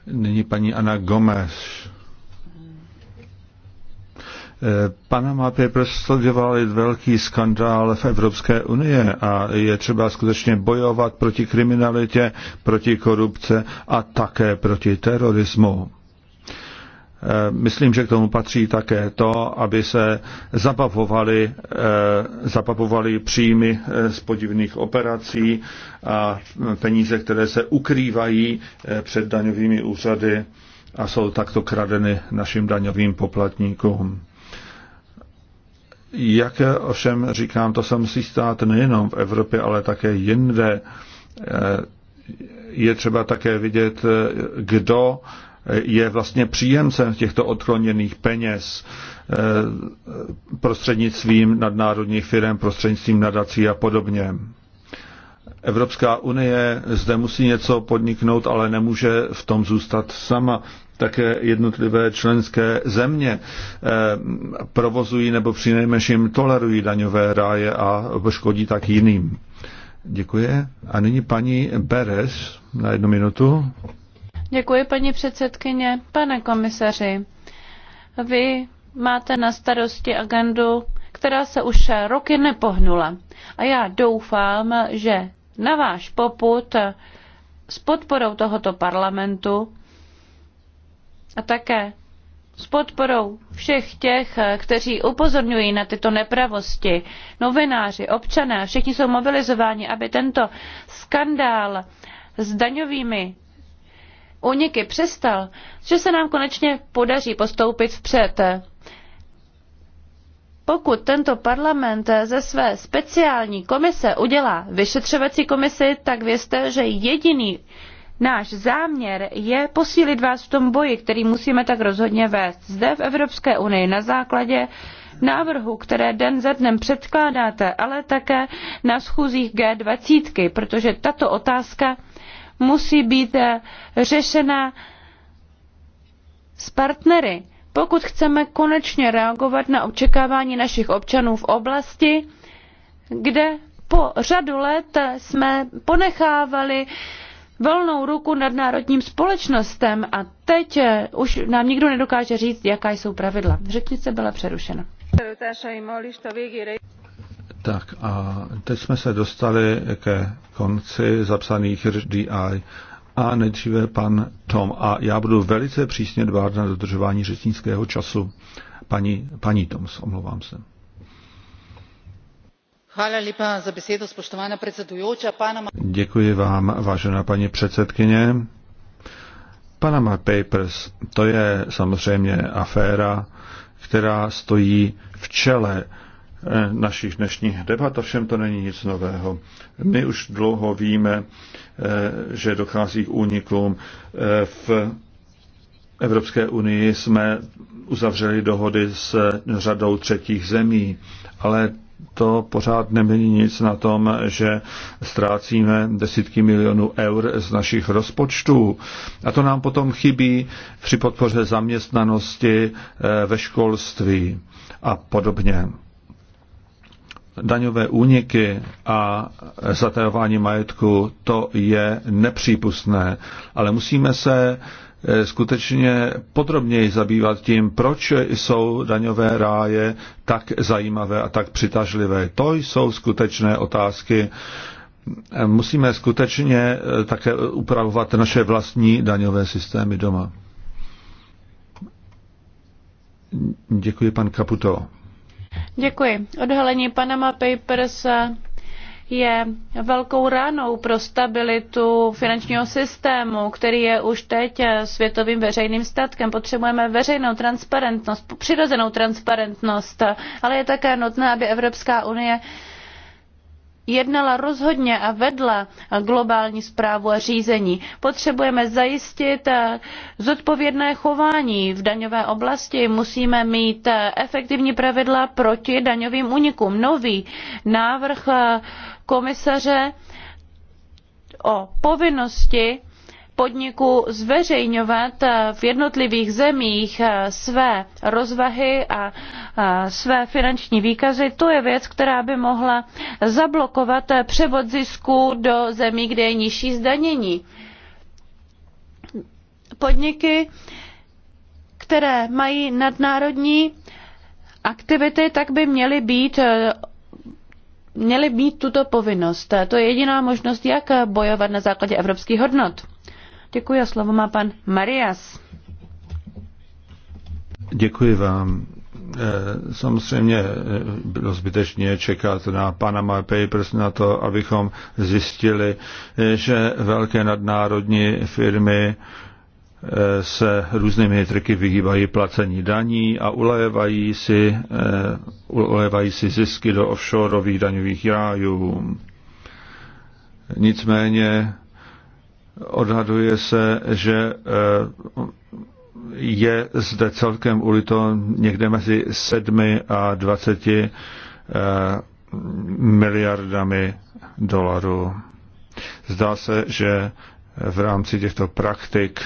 Nyní paní Ana Gomes. Panama Papers sledovali velký skandál v Evropské unie a je třeba skutečně bojovat proti kriminalitě, proti korupce a také proti terorismu. Eh, myslím, že k tomu patří také to, aby se zabavovali, eh, zabavovali příjmy eh, z podivných operací a peníze, které se ukrývají před daňovými úřady a jsou takto kradeny našim daňovým poplatníkům. Jak ovšem říkám, to se musí stát nejenom v Evropě, ale také jinde. Eh, je třeba také vidět, eh, kdo eh, je vlastně příjemcem těchto odkloněných peněz prostřednictvím nadnárodních firm, prostřednictvím nadací a podobně. Evropská unie zde musí něco podniknout, ale nemůže v tom zůstat sama také jednotlivé členské země eh, provozují nebo přinejmenším tolerují daňové ráje a škodí tak jiným. Děkuji. A nyní paní Beres na jednu minutu. Děkuji, paní předsedkyně. Pane komisaři, vy máte na starosti agendu, která se už roky nepohnula. A já doufám, že na váš poput s podporou tohoto parlamentu a také s podporou všech těch, eh, kteří upozorňují na tyto nepravosti, novináři, občané, všichni jsou mobilizováni, aby tento skandál s daňovými úniky přestal, že se nám konečně podaří postoupit vpřed. Pokud tento parlament eh, ze své speciální komise udělá vyšetřovací komisi, tak vězte, že jediný Náš záměr je posílit vás v tom boji, který musíme tak rozhodně vést zde v Evropské unii na základě návrhů, které den za dnem předkládáte, ale také na schůzích G20, protože tato otázka musí být eh, řešena s partnery, pokud chceme konečně reagovat na očekávání našich občanů v oblasti, kde po řadu let eh, jsme ponechávali volnou ruku nad národním společnostem a teď eh, už nám nikdo nedokáže říct, jaká jsou pravidla. Řečnice byla přerušena. Tak a teď jsme se dostali ke konci zapsaných DI a nejdříve pan Tom. A já budu velice přísně dbát na dodržování řečnického času. Paní, paní Tom, omlouvám se. Děkuji vám, vážená paní předsedkyně. Panama Papers, to je samozřejmě aféra, která stojí v čele eh, našich dnešních debat, ovšem to není nic nového. My už dlouho víme, eh, že dochází k únikům. Eh, v Evropské unii jsme uzavřeli dohody s řadou třetích zemí, ale to pořád nemění nic na tom, že ztrácíme desítky milionů eur z našich rozpočtů. A to nám potom chybí při podpoře zaměstnanosti eh, ve školství a podobně. Daňové úniky a zatajování majetku, to je nepřípustné, ale musíme se Eh, skutečně podrobněji zabývat tím, proč jsou daňové ráje tak zajímavé a tak přitažlivé. To jsou skutečné otázky. Eh, musíme skutečně eh, také upravovat naše vlastní daňové systémy doma. Děkuji, pan Kaputo. Děkuji. Odhalení Panama Papers je velkou ránou pro stabilitu finančního systému, který je už teď světovým veřejným statkem. Potřebujeme veřejnou transparentnost, přirozenou transparentnost, ale je také nutné, aby Evropská unie jednala rozhodně a vedla globální správu a řízení. Potřebujeme zajistit zodpovědné chování v daňové oblasti. Musíme mít efektivní pravidla proti daňovým unikům Nový návrh komisaře o povinnosti podniků zveřejňovat v jednotlivých zemích eh, své rozvahy a eh, své finanční výkazy, to je věc, která by mohla zablokovat převod zisků do zemí, kde je nižší zdanění. Podniky, které mají nadnárodní aktivity, tak by měly být eh, měli mít tuto povinnost. To je jediná možnost, jak bojovat na základě evropských hodnot. Děkuji a slovo má pan Marias. Děkuji vám. Eh, samozřejmě eh, bylo zbytečně čekat na Panama Papers na to, abychom zjistili, eh, že velké nadnárodní firmy Eh, se různými triky vyhýbají placení daní a ulévají si, eh, ulévají si zisky do offshoreových daňových rájů. Nicméně odhaduje se, že eh, je zde celkem ulito někde mezi 7 a 20 miliardami dolarů. Zdá se, že v rámci těchto praktik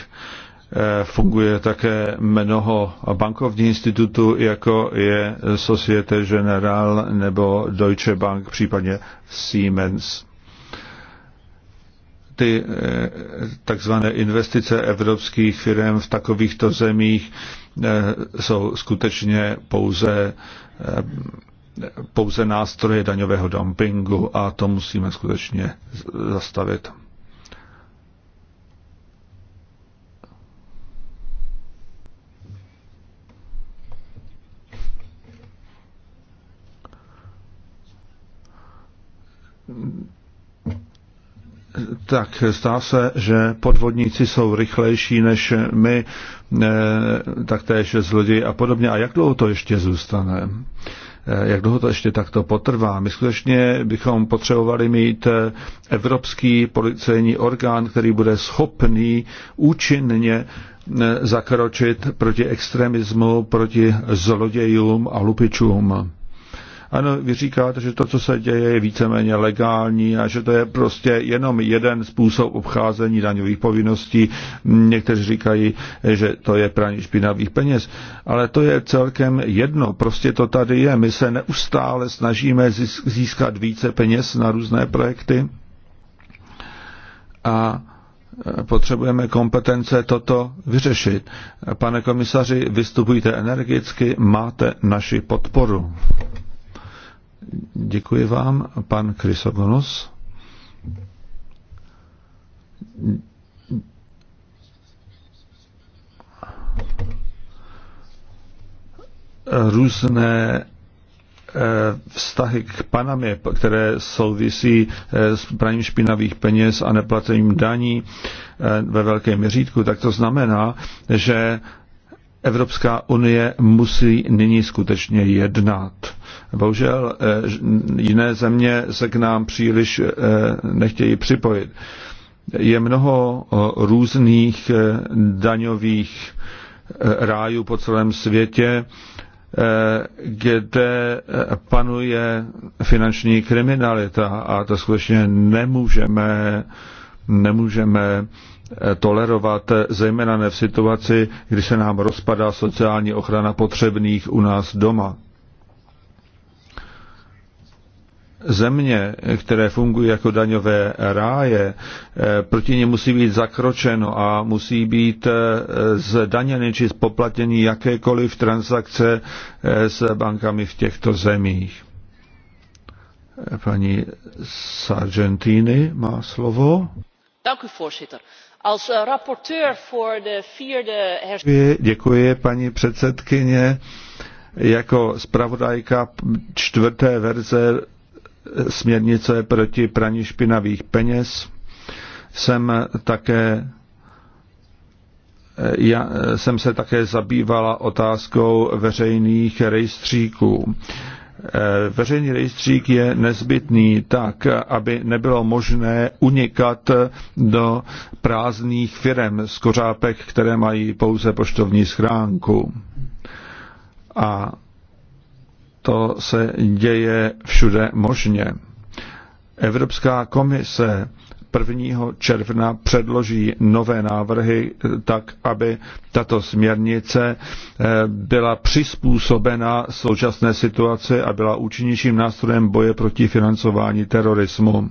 Eh, funguje také mnoho bankovních institutů, jako je Societe General nebo Deutsche Bank, případně Siemens. Ty eh, takzvané investice evropských firm v takovýchto zemích eh, jsou skutečně pouze pouze nástroje daňového dumpingu a to musíme skutečně zastavit. tak zdá se, že podvodníci jsou rychlejší než my, eh, taktéž zloději a podobně. A jak dlouho to ještě zůstane? Eh, jak dlouho to ještě takto potrvá? My skutečně bychom potřebovali mít eh, evropský policejní orgán, který bude schopný účinně zakročit proti extremismu, proti zlodějům a lupičům. Ano, vy říkáte, že to, co se děje, je víceméně legální a že to je prostě jenom jeden způsob obcházení daňových povinností. Někteří říkají, že to je praní špinavých peněz, ale to je celkem jedno. Prostě to tady je. My se neustále snažíme získat více peněz na různé projekty a e, potřebujeme kompetence toto vyřešit. Pane komisaři, vystupujte energicky, máte naši podporu. Děkuji vám, pan Krysogonos. Různé eh, vztahy k Panamě, které souvisí eh, s praním špinavých peněz a neplacením daní eh, ve velkém měřítku, tak to znamená, že Evropská unie musí nyní skutečně jednat. Bohužel eh, jiné země se k nám příliš eh, nechtějí připojit. Je mnoho eh, různých daňových rájů po celém světě, kde panuje finanční kriminalita a to skutečně nemůžeme, nemůžeme tolerovat, zejména ne v situaci, kdy se nám rozpadá sociální ochrana potřebných u nás doma. země, které fungují jako daňové ráje, eh, proti ně musí být zakročeno a musí být eh, zdaněny či spoplatněny jakékoliv transakce eh, s bankami v těchto zemích. Paní Sargentini má slovo. voorzitter. Als rapporteur voor de vierde Děkuji, děkuji paní předsedkyně. Jako zpravodajka čtvrté verze směrnice proti praní špinavých peněz. Jsem také já jsem se také zabývala otázkou veřejných rejstříků. Veřejný rejstřík je nezbytný tak, aby nebylo možné unikat do prázdných firem z kořápek, které mají pouze poštovní schránku. A to se děje všude možně. Evropská komise 1. června předloží nové návrhy tak, aby tato směrnice eh, byla přizpůsobena současné situaci a byla účinnějším nástrojem boje proti financování terorismu.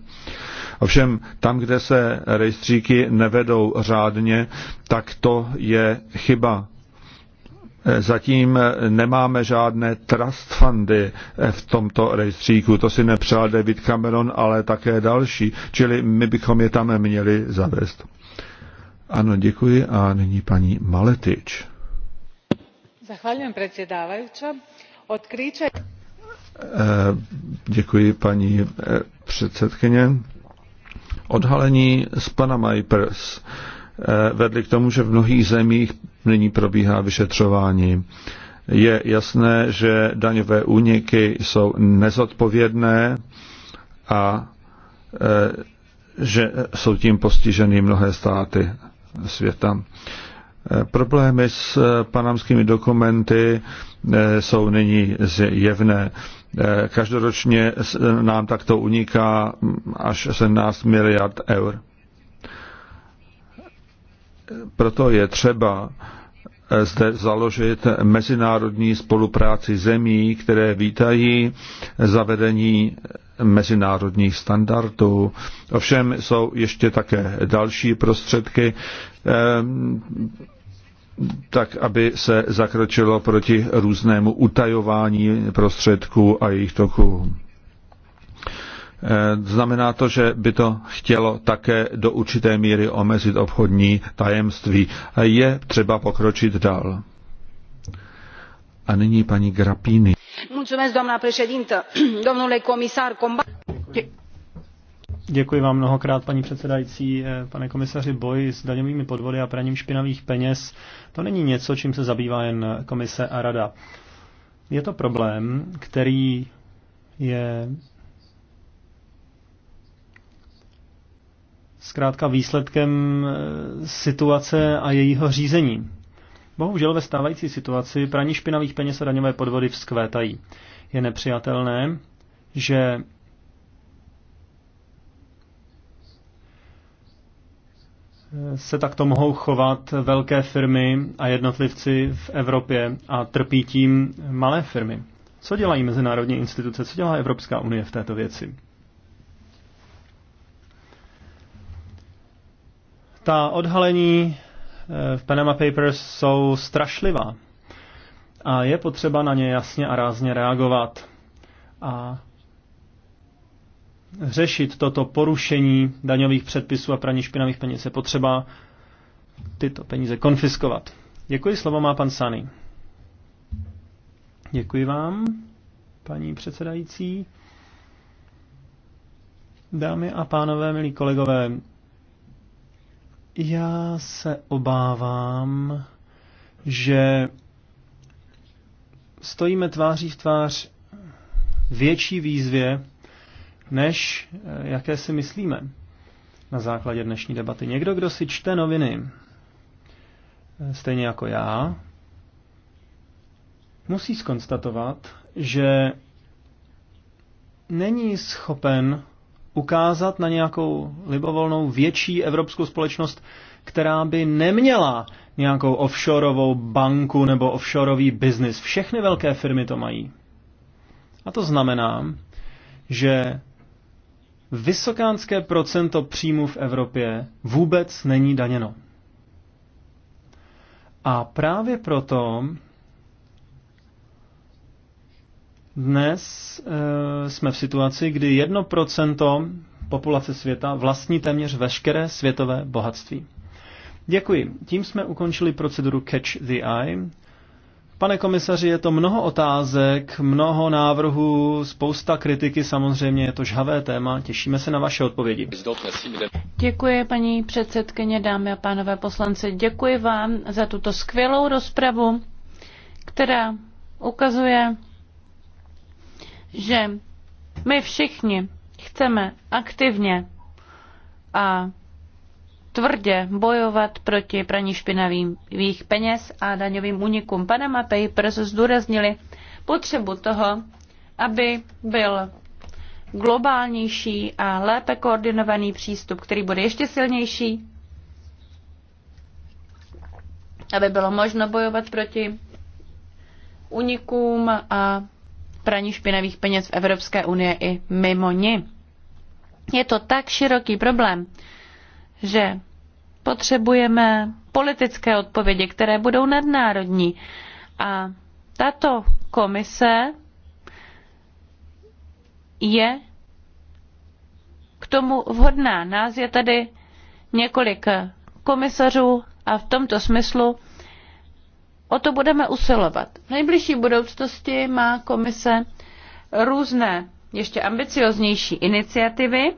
Ovšem tam, kde se rejstříky nevedou řádně, tak to je chyba. Zatím nemáme žádné trust fundy v tomto rejstříku. To si nepřál David Cameron, ale také další. Čili my bychom je tam měli zavést. Ano, děkuji. A nyní paní Maletič. Zahvaljujem predsjedavajuća. Otkriće... Eh, děkuji, paní eh, předsedkyně. Odhalení z Panama Papers Eh, vedly k tomu, že v mnohých zemích nyní probíhá vyšetřování. Je jasné, že daňové úniky jsou nezodpovědné a eh, že jsou tím postiženy mnohé státy světa. Eh, problémy s panamskými dokumenty jsou nyní zjevné. Každoročně nám takto uniká hm, až 17 miliard eur proto je třeba eh, zde založit mezinárodní spolupráci zemí, které vítají zavedení mezinárodních standardů. Ovšem jsou ještě také další prostředky, eh, tak aby se zakročilo proti různému utajování prostředků a jejich toku. Eh, znamená to, že by to chtělo také do určité míry omezit obchodní tajemství. Je třeba pokročit dál. A nyní paní Grapíny. Děkuji vám mnohokrát, paní předsedající. Eh, pane komisaři, boj s daňovými podvody a praním špinavých peněz, to není něco, čím se zabývá jen komise a rada. Je to problém, který je zkrátka výsledkem eh, situace a jejího řízení. Bohužel ve stávající situaci praní špinavých peněz a daňové podvody vzkvétají. Je nepřijatelné, že se takto mohou chovat velké firmy a jednotlivci v Evropě a trpí tím malé firmy. Co dělají mezinárodní instituce, co dělá Evropská unie v této věci? Ta odhalení eh, v Panama Papers jsou strašlivá a je potřeba na ně jasně a rázně reagovat a řešit toto porušení daňových předpisů a praní špinavých peněz. Je potřeba tyto peníze konfiskovat. Děkuji, slovo má pan Sany. Děkuji vám, paní předsedající. Dámy a pánové, milí kolegové, já se obávám, že stojíme tváří v tvář větší výzvě, než eh, jaké si myslíme na základě dnešní debaty. Někdo, kdo si čte noviny, eh, stejně jako já, musí skonstatovat, že není schopen ukázat na nějakou libovolnou větší evropskou společnost, která by neměla nějakou offshoreovou banku nebo offshoreový biznis. Všechny velké firmy to mají. A to znamená, že vysokánské procento příjmů v Evropě vůbec není daněno. A právě proto dnes e, jsme v situaci, kdy 1% populace světa vlastní téměř veškeré světové bohatství. Děkuji. Tím jsme ukončili proceduru Catch the Eye. Pane komisaři, je to mnoho otázek, mnoho návrhů, spousta kritiky, samozřejmě je to žhavé téma. Těšíme se na vaše odpovědi. Děkuji, paní předsedkyně, dámy a pánové poslanci. Děkuji vám za tuto skvělou rozpravu, která ukazuje, že my všichni chceme aktivně a tvrdě bojovat proti praní špinavých peněz a daňovým únikům. Panama Papers zdůraznili potřebu toho, aby byl globálnější a lépe koordinovaný přístup, který bude ještě silnější, aby bylo možno bojovat proti unikům a praní špinavých peněz v Evropské unie i mimo ní. Je to tak široký problém, že potřebujeme politické odpovědi, které budou nadnárodní. A tato komise je k tomu vhodná. Nás je tady několik komisařů a v tomto smyslu O to budeme usilovat. V nejbližší budoucnosti má komise různé ještě ambicioznější iniciativy,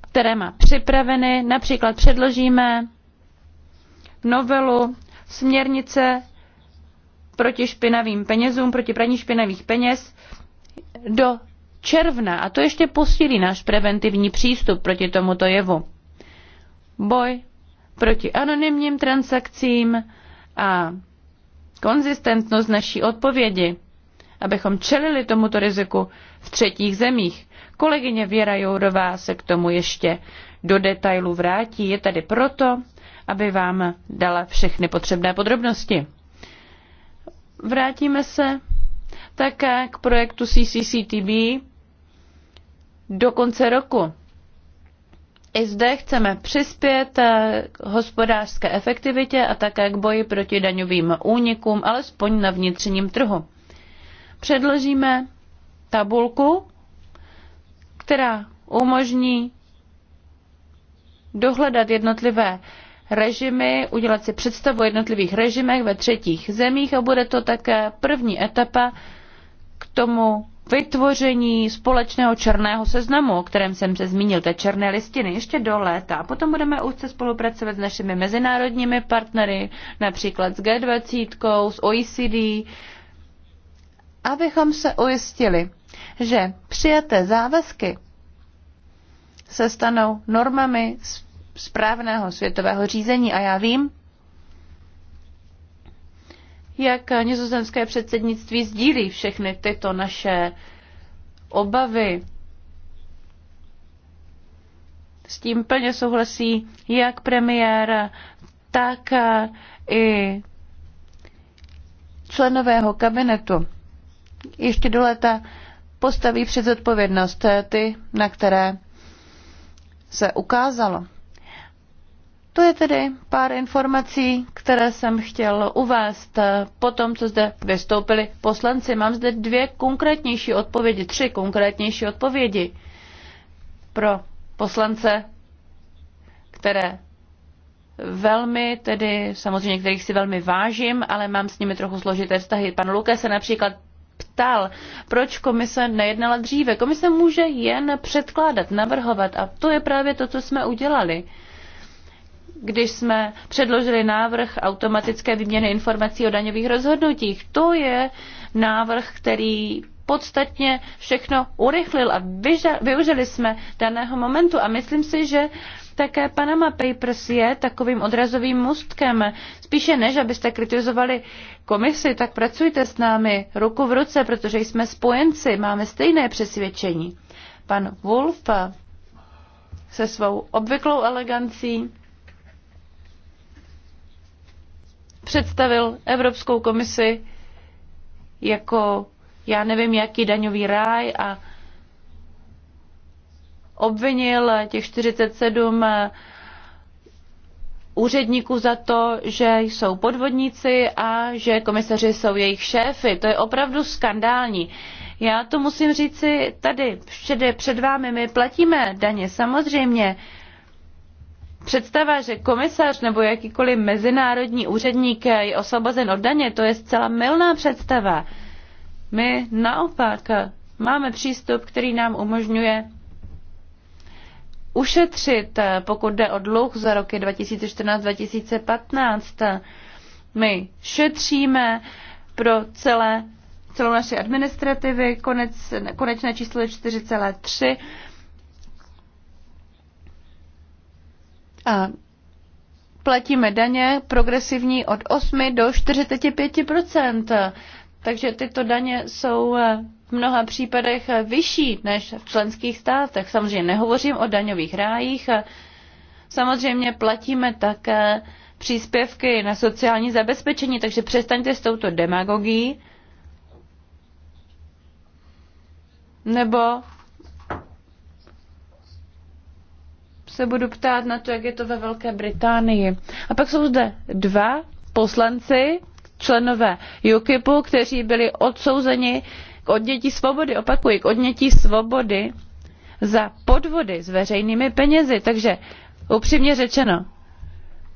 které má připraveny. Například předložíme novelu směrnice proti špinavým penězům, proti praní špinavých peněz do června a to ještě posílí náš preventivní přístup proti tomuto jevu. Boj proti anonymním transakcím a konzistentnost naší odpovědi, abychom čelili tomuto riziku v třetích zemích. Kolegyně Věra Jourová se k tomu ještě do detailu vrátí. Je tady proto, aby vám dala všechny potřebné podrobnosti. Vrátíme se také k projektu CCCTB do konce roku. I zde chceme přispět eh, k hospodářské efektivitě a také k boji proti daňovým únikům, alespoň na vnitřním trhu. Předložíme tabulku, která umožní dohledat jednotlivé režimy, udělat si představu o jednotlivých režimech ve třetích zemích a bude to také první etapa k tomu vytvoření společného černého seznamu, o kterém jsem se zmínil, té černé listiny, ještě do léta. Potom budeme úzce spolupracovat s našimi mezinárodními partnery, například s G20, s OECD, abychom se ujistili, že přijaté závazky se stanou normami správného světového řízení. A já vím, jak nizozemské předsednictví sdílí všechny tyto naše obavy. S tím plně souhlasí jak premiér, tak i členového kabinetu. Ještě do léta postaví před zodpovědnost ty, na které se ukázalo. To je tedy pár informací, které jsem chtěl uvést po tom, co zde vystoupili poslanci. Mám zde dvě konkrétnější odpovědi, tři konkrétnější odpovědi pro poslance, které velmi, tedy samozřejmě některých si velmi vážím, ale mám s nimi trochu složité vztahy. Pan Luke se například ptal, proč komise nejednala dříve. Komise může jen předkládat, navrhovat a to je právě to, co jsme udělali když jsme předložili návrh automatické výměny informací o daňových rozhodnutích. To je návrh, který podstatně všechno urychlil a využili jsme daného momentu a myslím si, že také Panama Papers je takovým odrazovým mostkem. Spíše než abyste kritizovali komisi, tak pracujte s námi ruku v ruce, protože jsme spojenci, máme stejné přesvědčení. Pan Wolf se svou obvyklou elegancí představil Evropskou komisi jako já nevím jaký daňový ráj a obvinil těch 47 eh, úředníků za to, že jsou podvodníci a že komisaři jsou jejich šéfy. To je opravdu skandální. Já to musím říci tady, všede před vámi, my platíme daně, samozřejmě, Představa, že komisař nebo jakýkoliv mezinárodní úředník je osvobozen od daně, to je zcela milná představa. My naopak máme přístup, který nám umožňuje ušetřit, pokud jde o dluh za roky 2014-2015. My šetříme pro celé, celou naši administrativy, konec, konečné číslo je 4,3 A platíme daně progresivní od 8 do 45 takže tyto daně jsou v mnoha případech vyšší než v členských státech. Samozřejmě nehovořím o daňových rájích. Samozřejmě platíme také příspěvky na sociální zabezpečení, takže přestaňte s touto demagogií. Nebo se budu ptát na to, jak je to ve Velké Británii. A pak jsou zde dva poslanci, členové UKIPu, kteří byli odsouzeni k odnětí svobody, opakuji, k odnětí svobody za podvody s veřejnými penězi. Takže upřímně řečeno,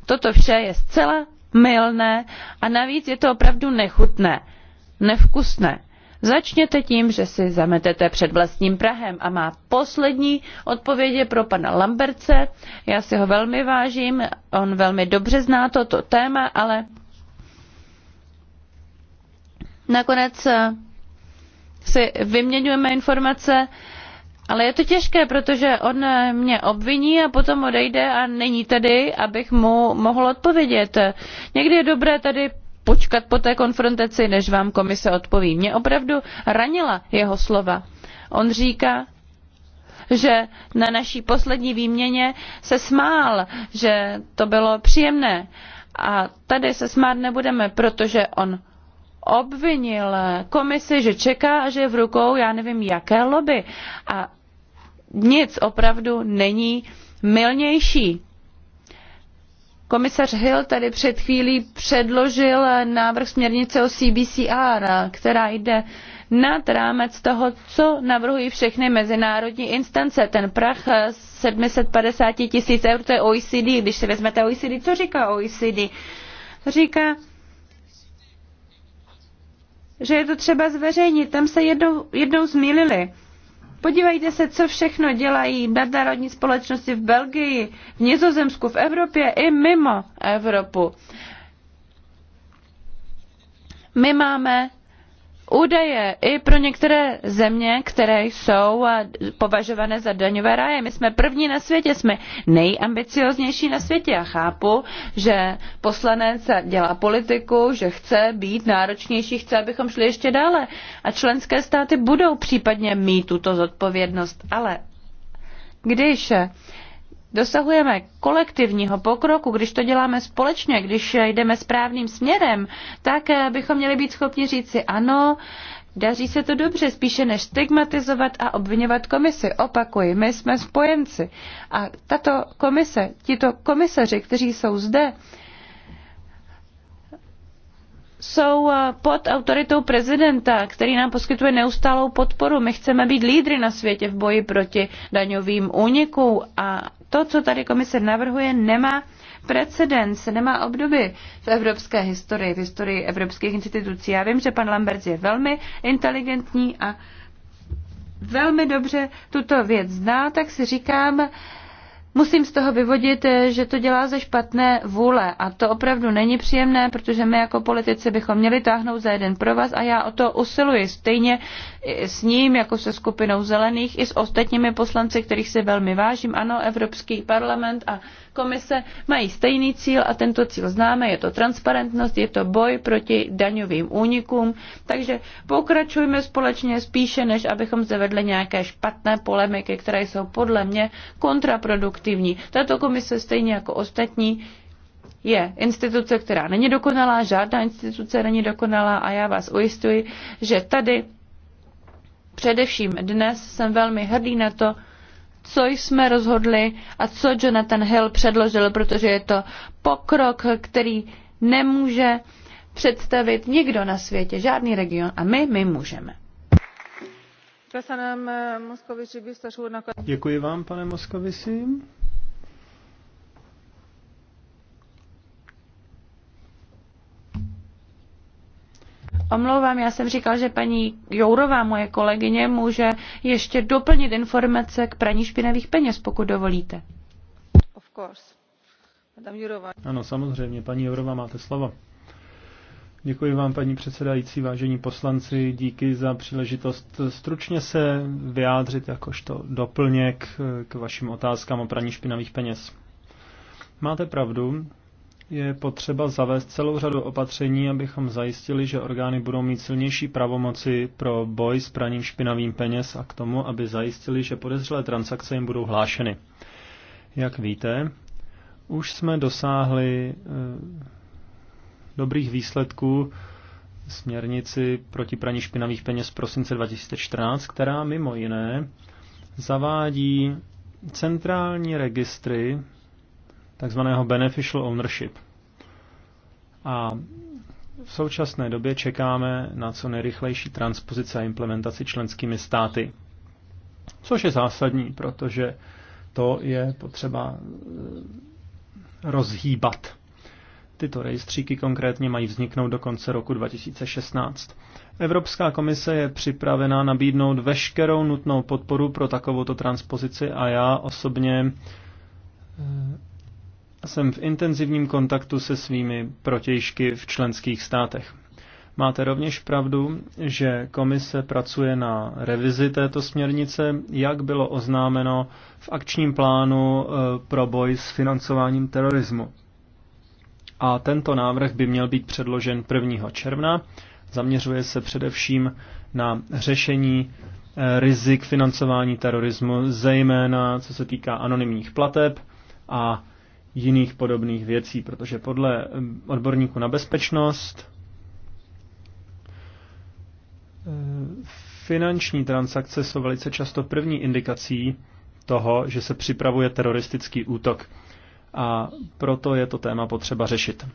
toto vše je zcela mylné a navíc je to opravdu nechutné, nevkusné. Začněte tím, že si zametete před vlastním Prahem. A má poslední odpověď je pro pana Lamberce. Já si ho velmi vážím, on velmi dobře zná toto téma, ale nakonec eh, si vyměňujeme informace, ale je to těžké, protože on eh, mě obviní a potom odejde a není tady, abych mu mohl odpovědět. Někdy je dobré tady počkat po té konfrontaci, než vám komise odpoví. Mě opravdu ranila jeho slova. On říká, že na naší poslední výměně se smál, že to bylo příjemné. A tady se smát nebudeme, protože on obvinil komisi, že čeká a že je v rukou, já nevím, jaké lobby. A nic opravdu není milnější Komisař Hill tady před chvílí předložil návrh směrnice o CBCR, která jde nad rámec toho, co navrhují všechny mezinárodní instance. Ten prach 750 tisíc eur, to je OECD. Když si vezmete OECD, co říká OECD? Říká, že je to třeba zveřejnit. Tam se jednou, jednou zmýlili. Podívejte se, co všechno dělají nadnárodní společnosti v Belgii, v Nizozemsku, v Evropě i mimo Evropu. My máme údaje i pro některé země, které jsou eh, považované za daňové ráje. My jsme první na světě, jsme nejambicioznější na světě. Já chápu, že poslanec dělá politiku, že chce být náročnější, chce, abychom šli ještě dále. A členské státy budou případně mít tuto zodpovědnost. Ale když dosahujeme kolektivního pokroku, když to děláme společně, když jdeme správným směrem, tak eh, bychom měli být schopni říci ano, daří se to dobře, spíše než stigmatizovat a obvinovat komisi. Opakuji, my jsme spojenci. A tato komise, tito komisaři, kteří jsou zde, jsou eh, pod autoritou prezidenta, který nám poskytuje neustálou podporu. My chceme být lídry na světě v boji proti daňovým únikům a to, co tady komise navrhuje, nemá precedens, nemá obdoby v evropské historii, v historii evropských institucí. Já vím, že pan Lambert je velmi inteligentní a velmi dobře tuto věc zná, tak si říkám, Musím z toho vyvodit, eh, že to dělá ze špatné vůle a to opravdu není příjemné, protože my jako politici bychom měli táhnout za jeden pro vás a já o to usiluji stejně s ním, jako se skupinou zelených, i s ostatními poslanci, kterých si velmi vážím. Ano, Evropský parlament a komise mají stejný cíl a tento cíl známe, je to transparentnost, je to boj proti daňovým únikům, takže pokračujme společně spíše, než abychom zavedli nějaké špatné polemiky, které jsou podle mě kontraproduktivní. Tato komise stejně jako ostatní je instituce, která není dokonalá, žádná instituce není dokonalá a já vás ujistuji, že tady Především dnes jsem velmi hrdý na to, co jsme rozhodli a co Jonathan Hill předložil, protože je to pokrok, který nemůže představit nikdo na světě, žádný region a my, my můžeme. Děkuji vám, pane Moskovici. omlouvám, já jsem říkal, že paní Jourová, moje kolegyně, může ještě doplnit informace k praní špinavých peněz, pokud dovolíte. Of course. Madame Jourová. Ano, samozřejmě, paní Jourová, máte slovo. Děkuji vám, paní předsedající, vážení poslanci, díky za příležitost stručně se vyjádřit jakožto doplněk k vašim otázkám o praní špinavých peněz. Máte pravdu, je potřeba zavést celou řadu opatření, abychom zajistili, že orgány budou mít silnější pravomoci pro boj s praním špinavým peněz a k tomu, aby zajistili, že podezřelé transakce jim budou hlášeny. Jak víte, už jsme dosáhli eh, dobrých výsledků směrnici proti praní špinavých peněz z prosince 2014, která mimo jiné zavádí centrální registry takzvaného beneficial ownership. A v současné době čekáme na co nejrychlejší transpozici a implementaci členskými státy. Což je zásadní, protože to je potřeba eh, rozhýbat. Tyto rejstříky konkrétně mají vzniknout do konce roku 2016. Evropská komise je připravena nabídnout veškerou nutnou podporu pro takovouto transpozici a já osobně eh, jsem v intenzivním kontaktu se svými protějšky v členských státech. Máte rovněž pravdu, že komise pracuje na revizi této směrnice, jak bylo oznámeno v akčním plánu e, pro boj s financováním terorismu. A tento návrh by měl být předložen 1. června. Zaměřuje se především na řešení e, rizik financování terorismu, zejména co se týká anonymních plateb a jiných podobných věcí, protože podle odborníku na bezpečnost eh, finanční transakce jsou velice často první indikací toho, že se připravuje teroristický útok. A proto je to téma potřeba řešit.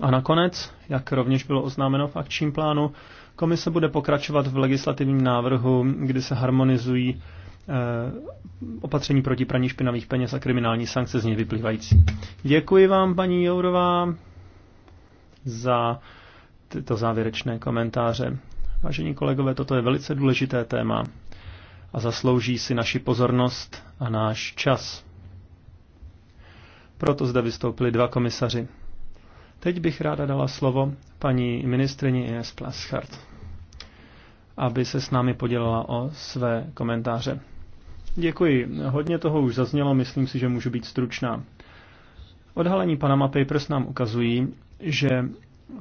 A nakonec, jak rovněž bylo oznámeno v akčním plánu, komise bude pokračovat v legislativním návrhu, kdy se harmonizují Eh, opatření proti praní špinavých peněz a kriminální sankce z něj vyplývající. Děkuji vám, paní Jourová, za tyto závěrečné komentáře. Vážení kolegové, toto je velice důležité téma a zaslouží si naši pozornost a náš čas. Proto zde vystoupili dva komisaři. Teď bych ráda dala slovo paní ministrině Ines Plaschart, aby se s námi podělila o své komentáře. Děkuji. Hodně toho už zaznělo, myslím si, že můžu být stručná. Odhalení Panama Papers nám ukazují, že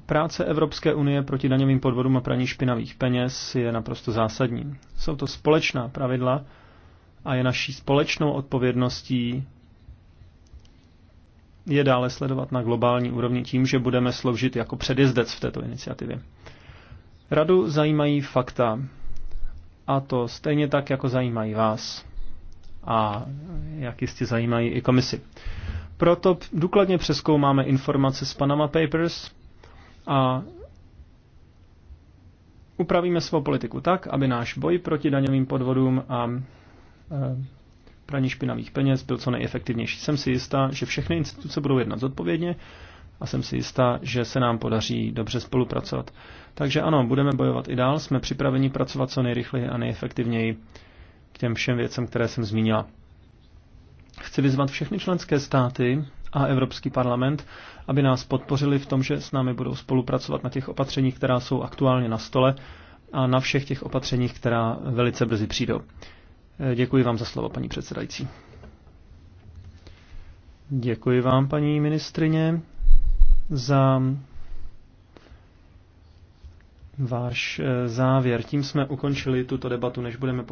práce Evropské unie proti daňovým podvodům a praní špinavých peněz je naprosto zásadní. Jsou to společná pravidla a je naší společnou odpovědností je dále sledovat na globální úrovni tím, že budeme sloužit jako předjezdec v této iniciativě. Radu zajímají fakta, a to stejně tak, jako zajímají vás a jak jistě zajímají i komisi. Proto důkladně přeskoumáme informace z Panama Papers a upravíme svou politiku tak, aby náš boj proti daňovým podvodům a e, praní špinavých peněz byl co nejefektivnější. Jsem si jistá, že všechny instituce budou jednat zodpovědně a jsem si jistá, že se nám podaří dobře spolupracovat. Takže ano, budeme bojovat i dál, jsme připraveni pracovat co nejrychleji a nejefektivněji k těm všem věcem, které jsem zmínila. Chci vyzvat všechny členské státy a Evropský parlament, aby nás podpořili v tom, že s námi budou spolupracovat na těch opatřeních, která jsou aktuálně na stole a na všech těch opatřeních, která velice brzy přijdou. Děkuji vám za slovo, paní předsedající. Děkuji vám, paní ministrině, za váš eh, závěr. Tím jsme ukončili tuto debatu, než budeme pokračovat.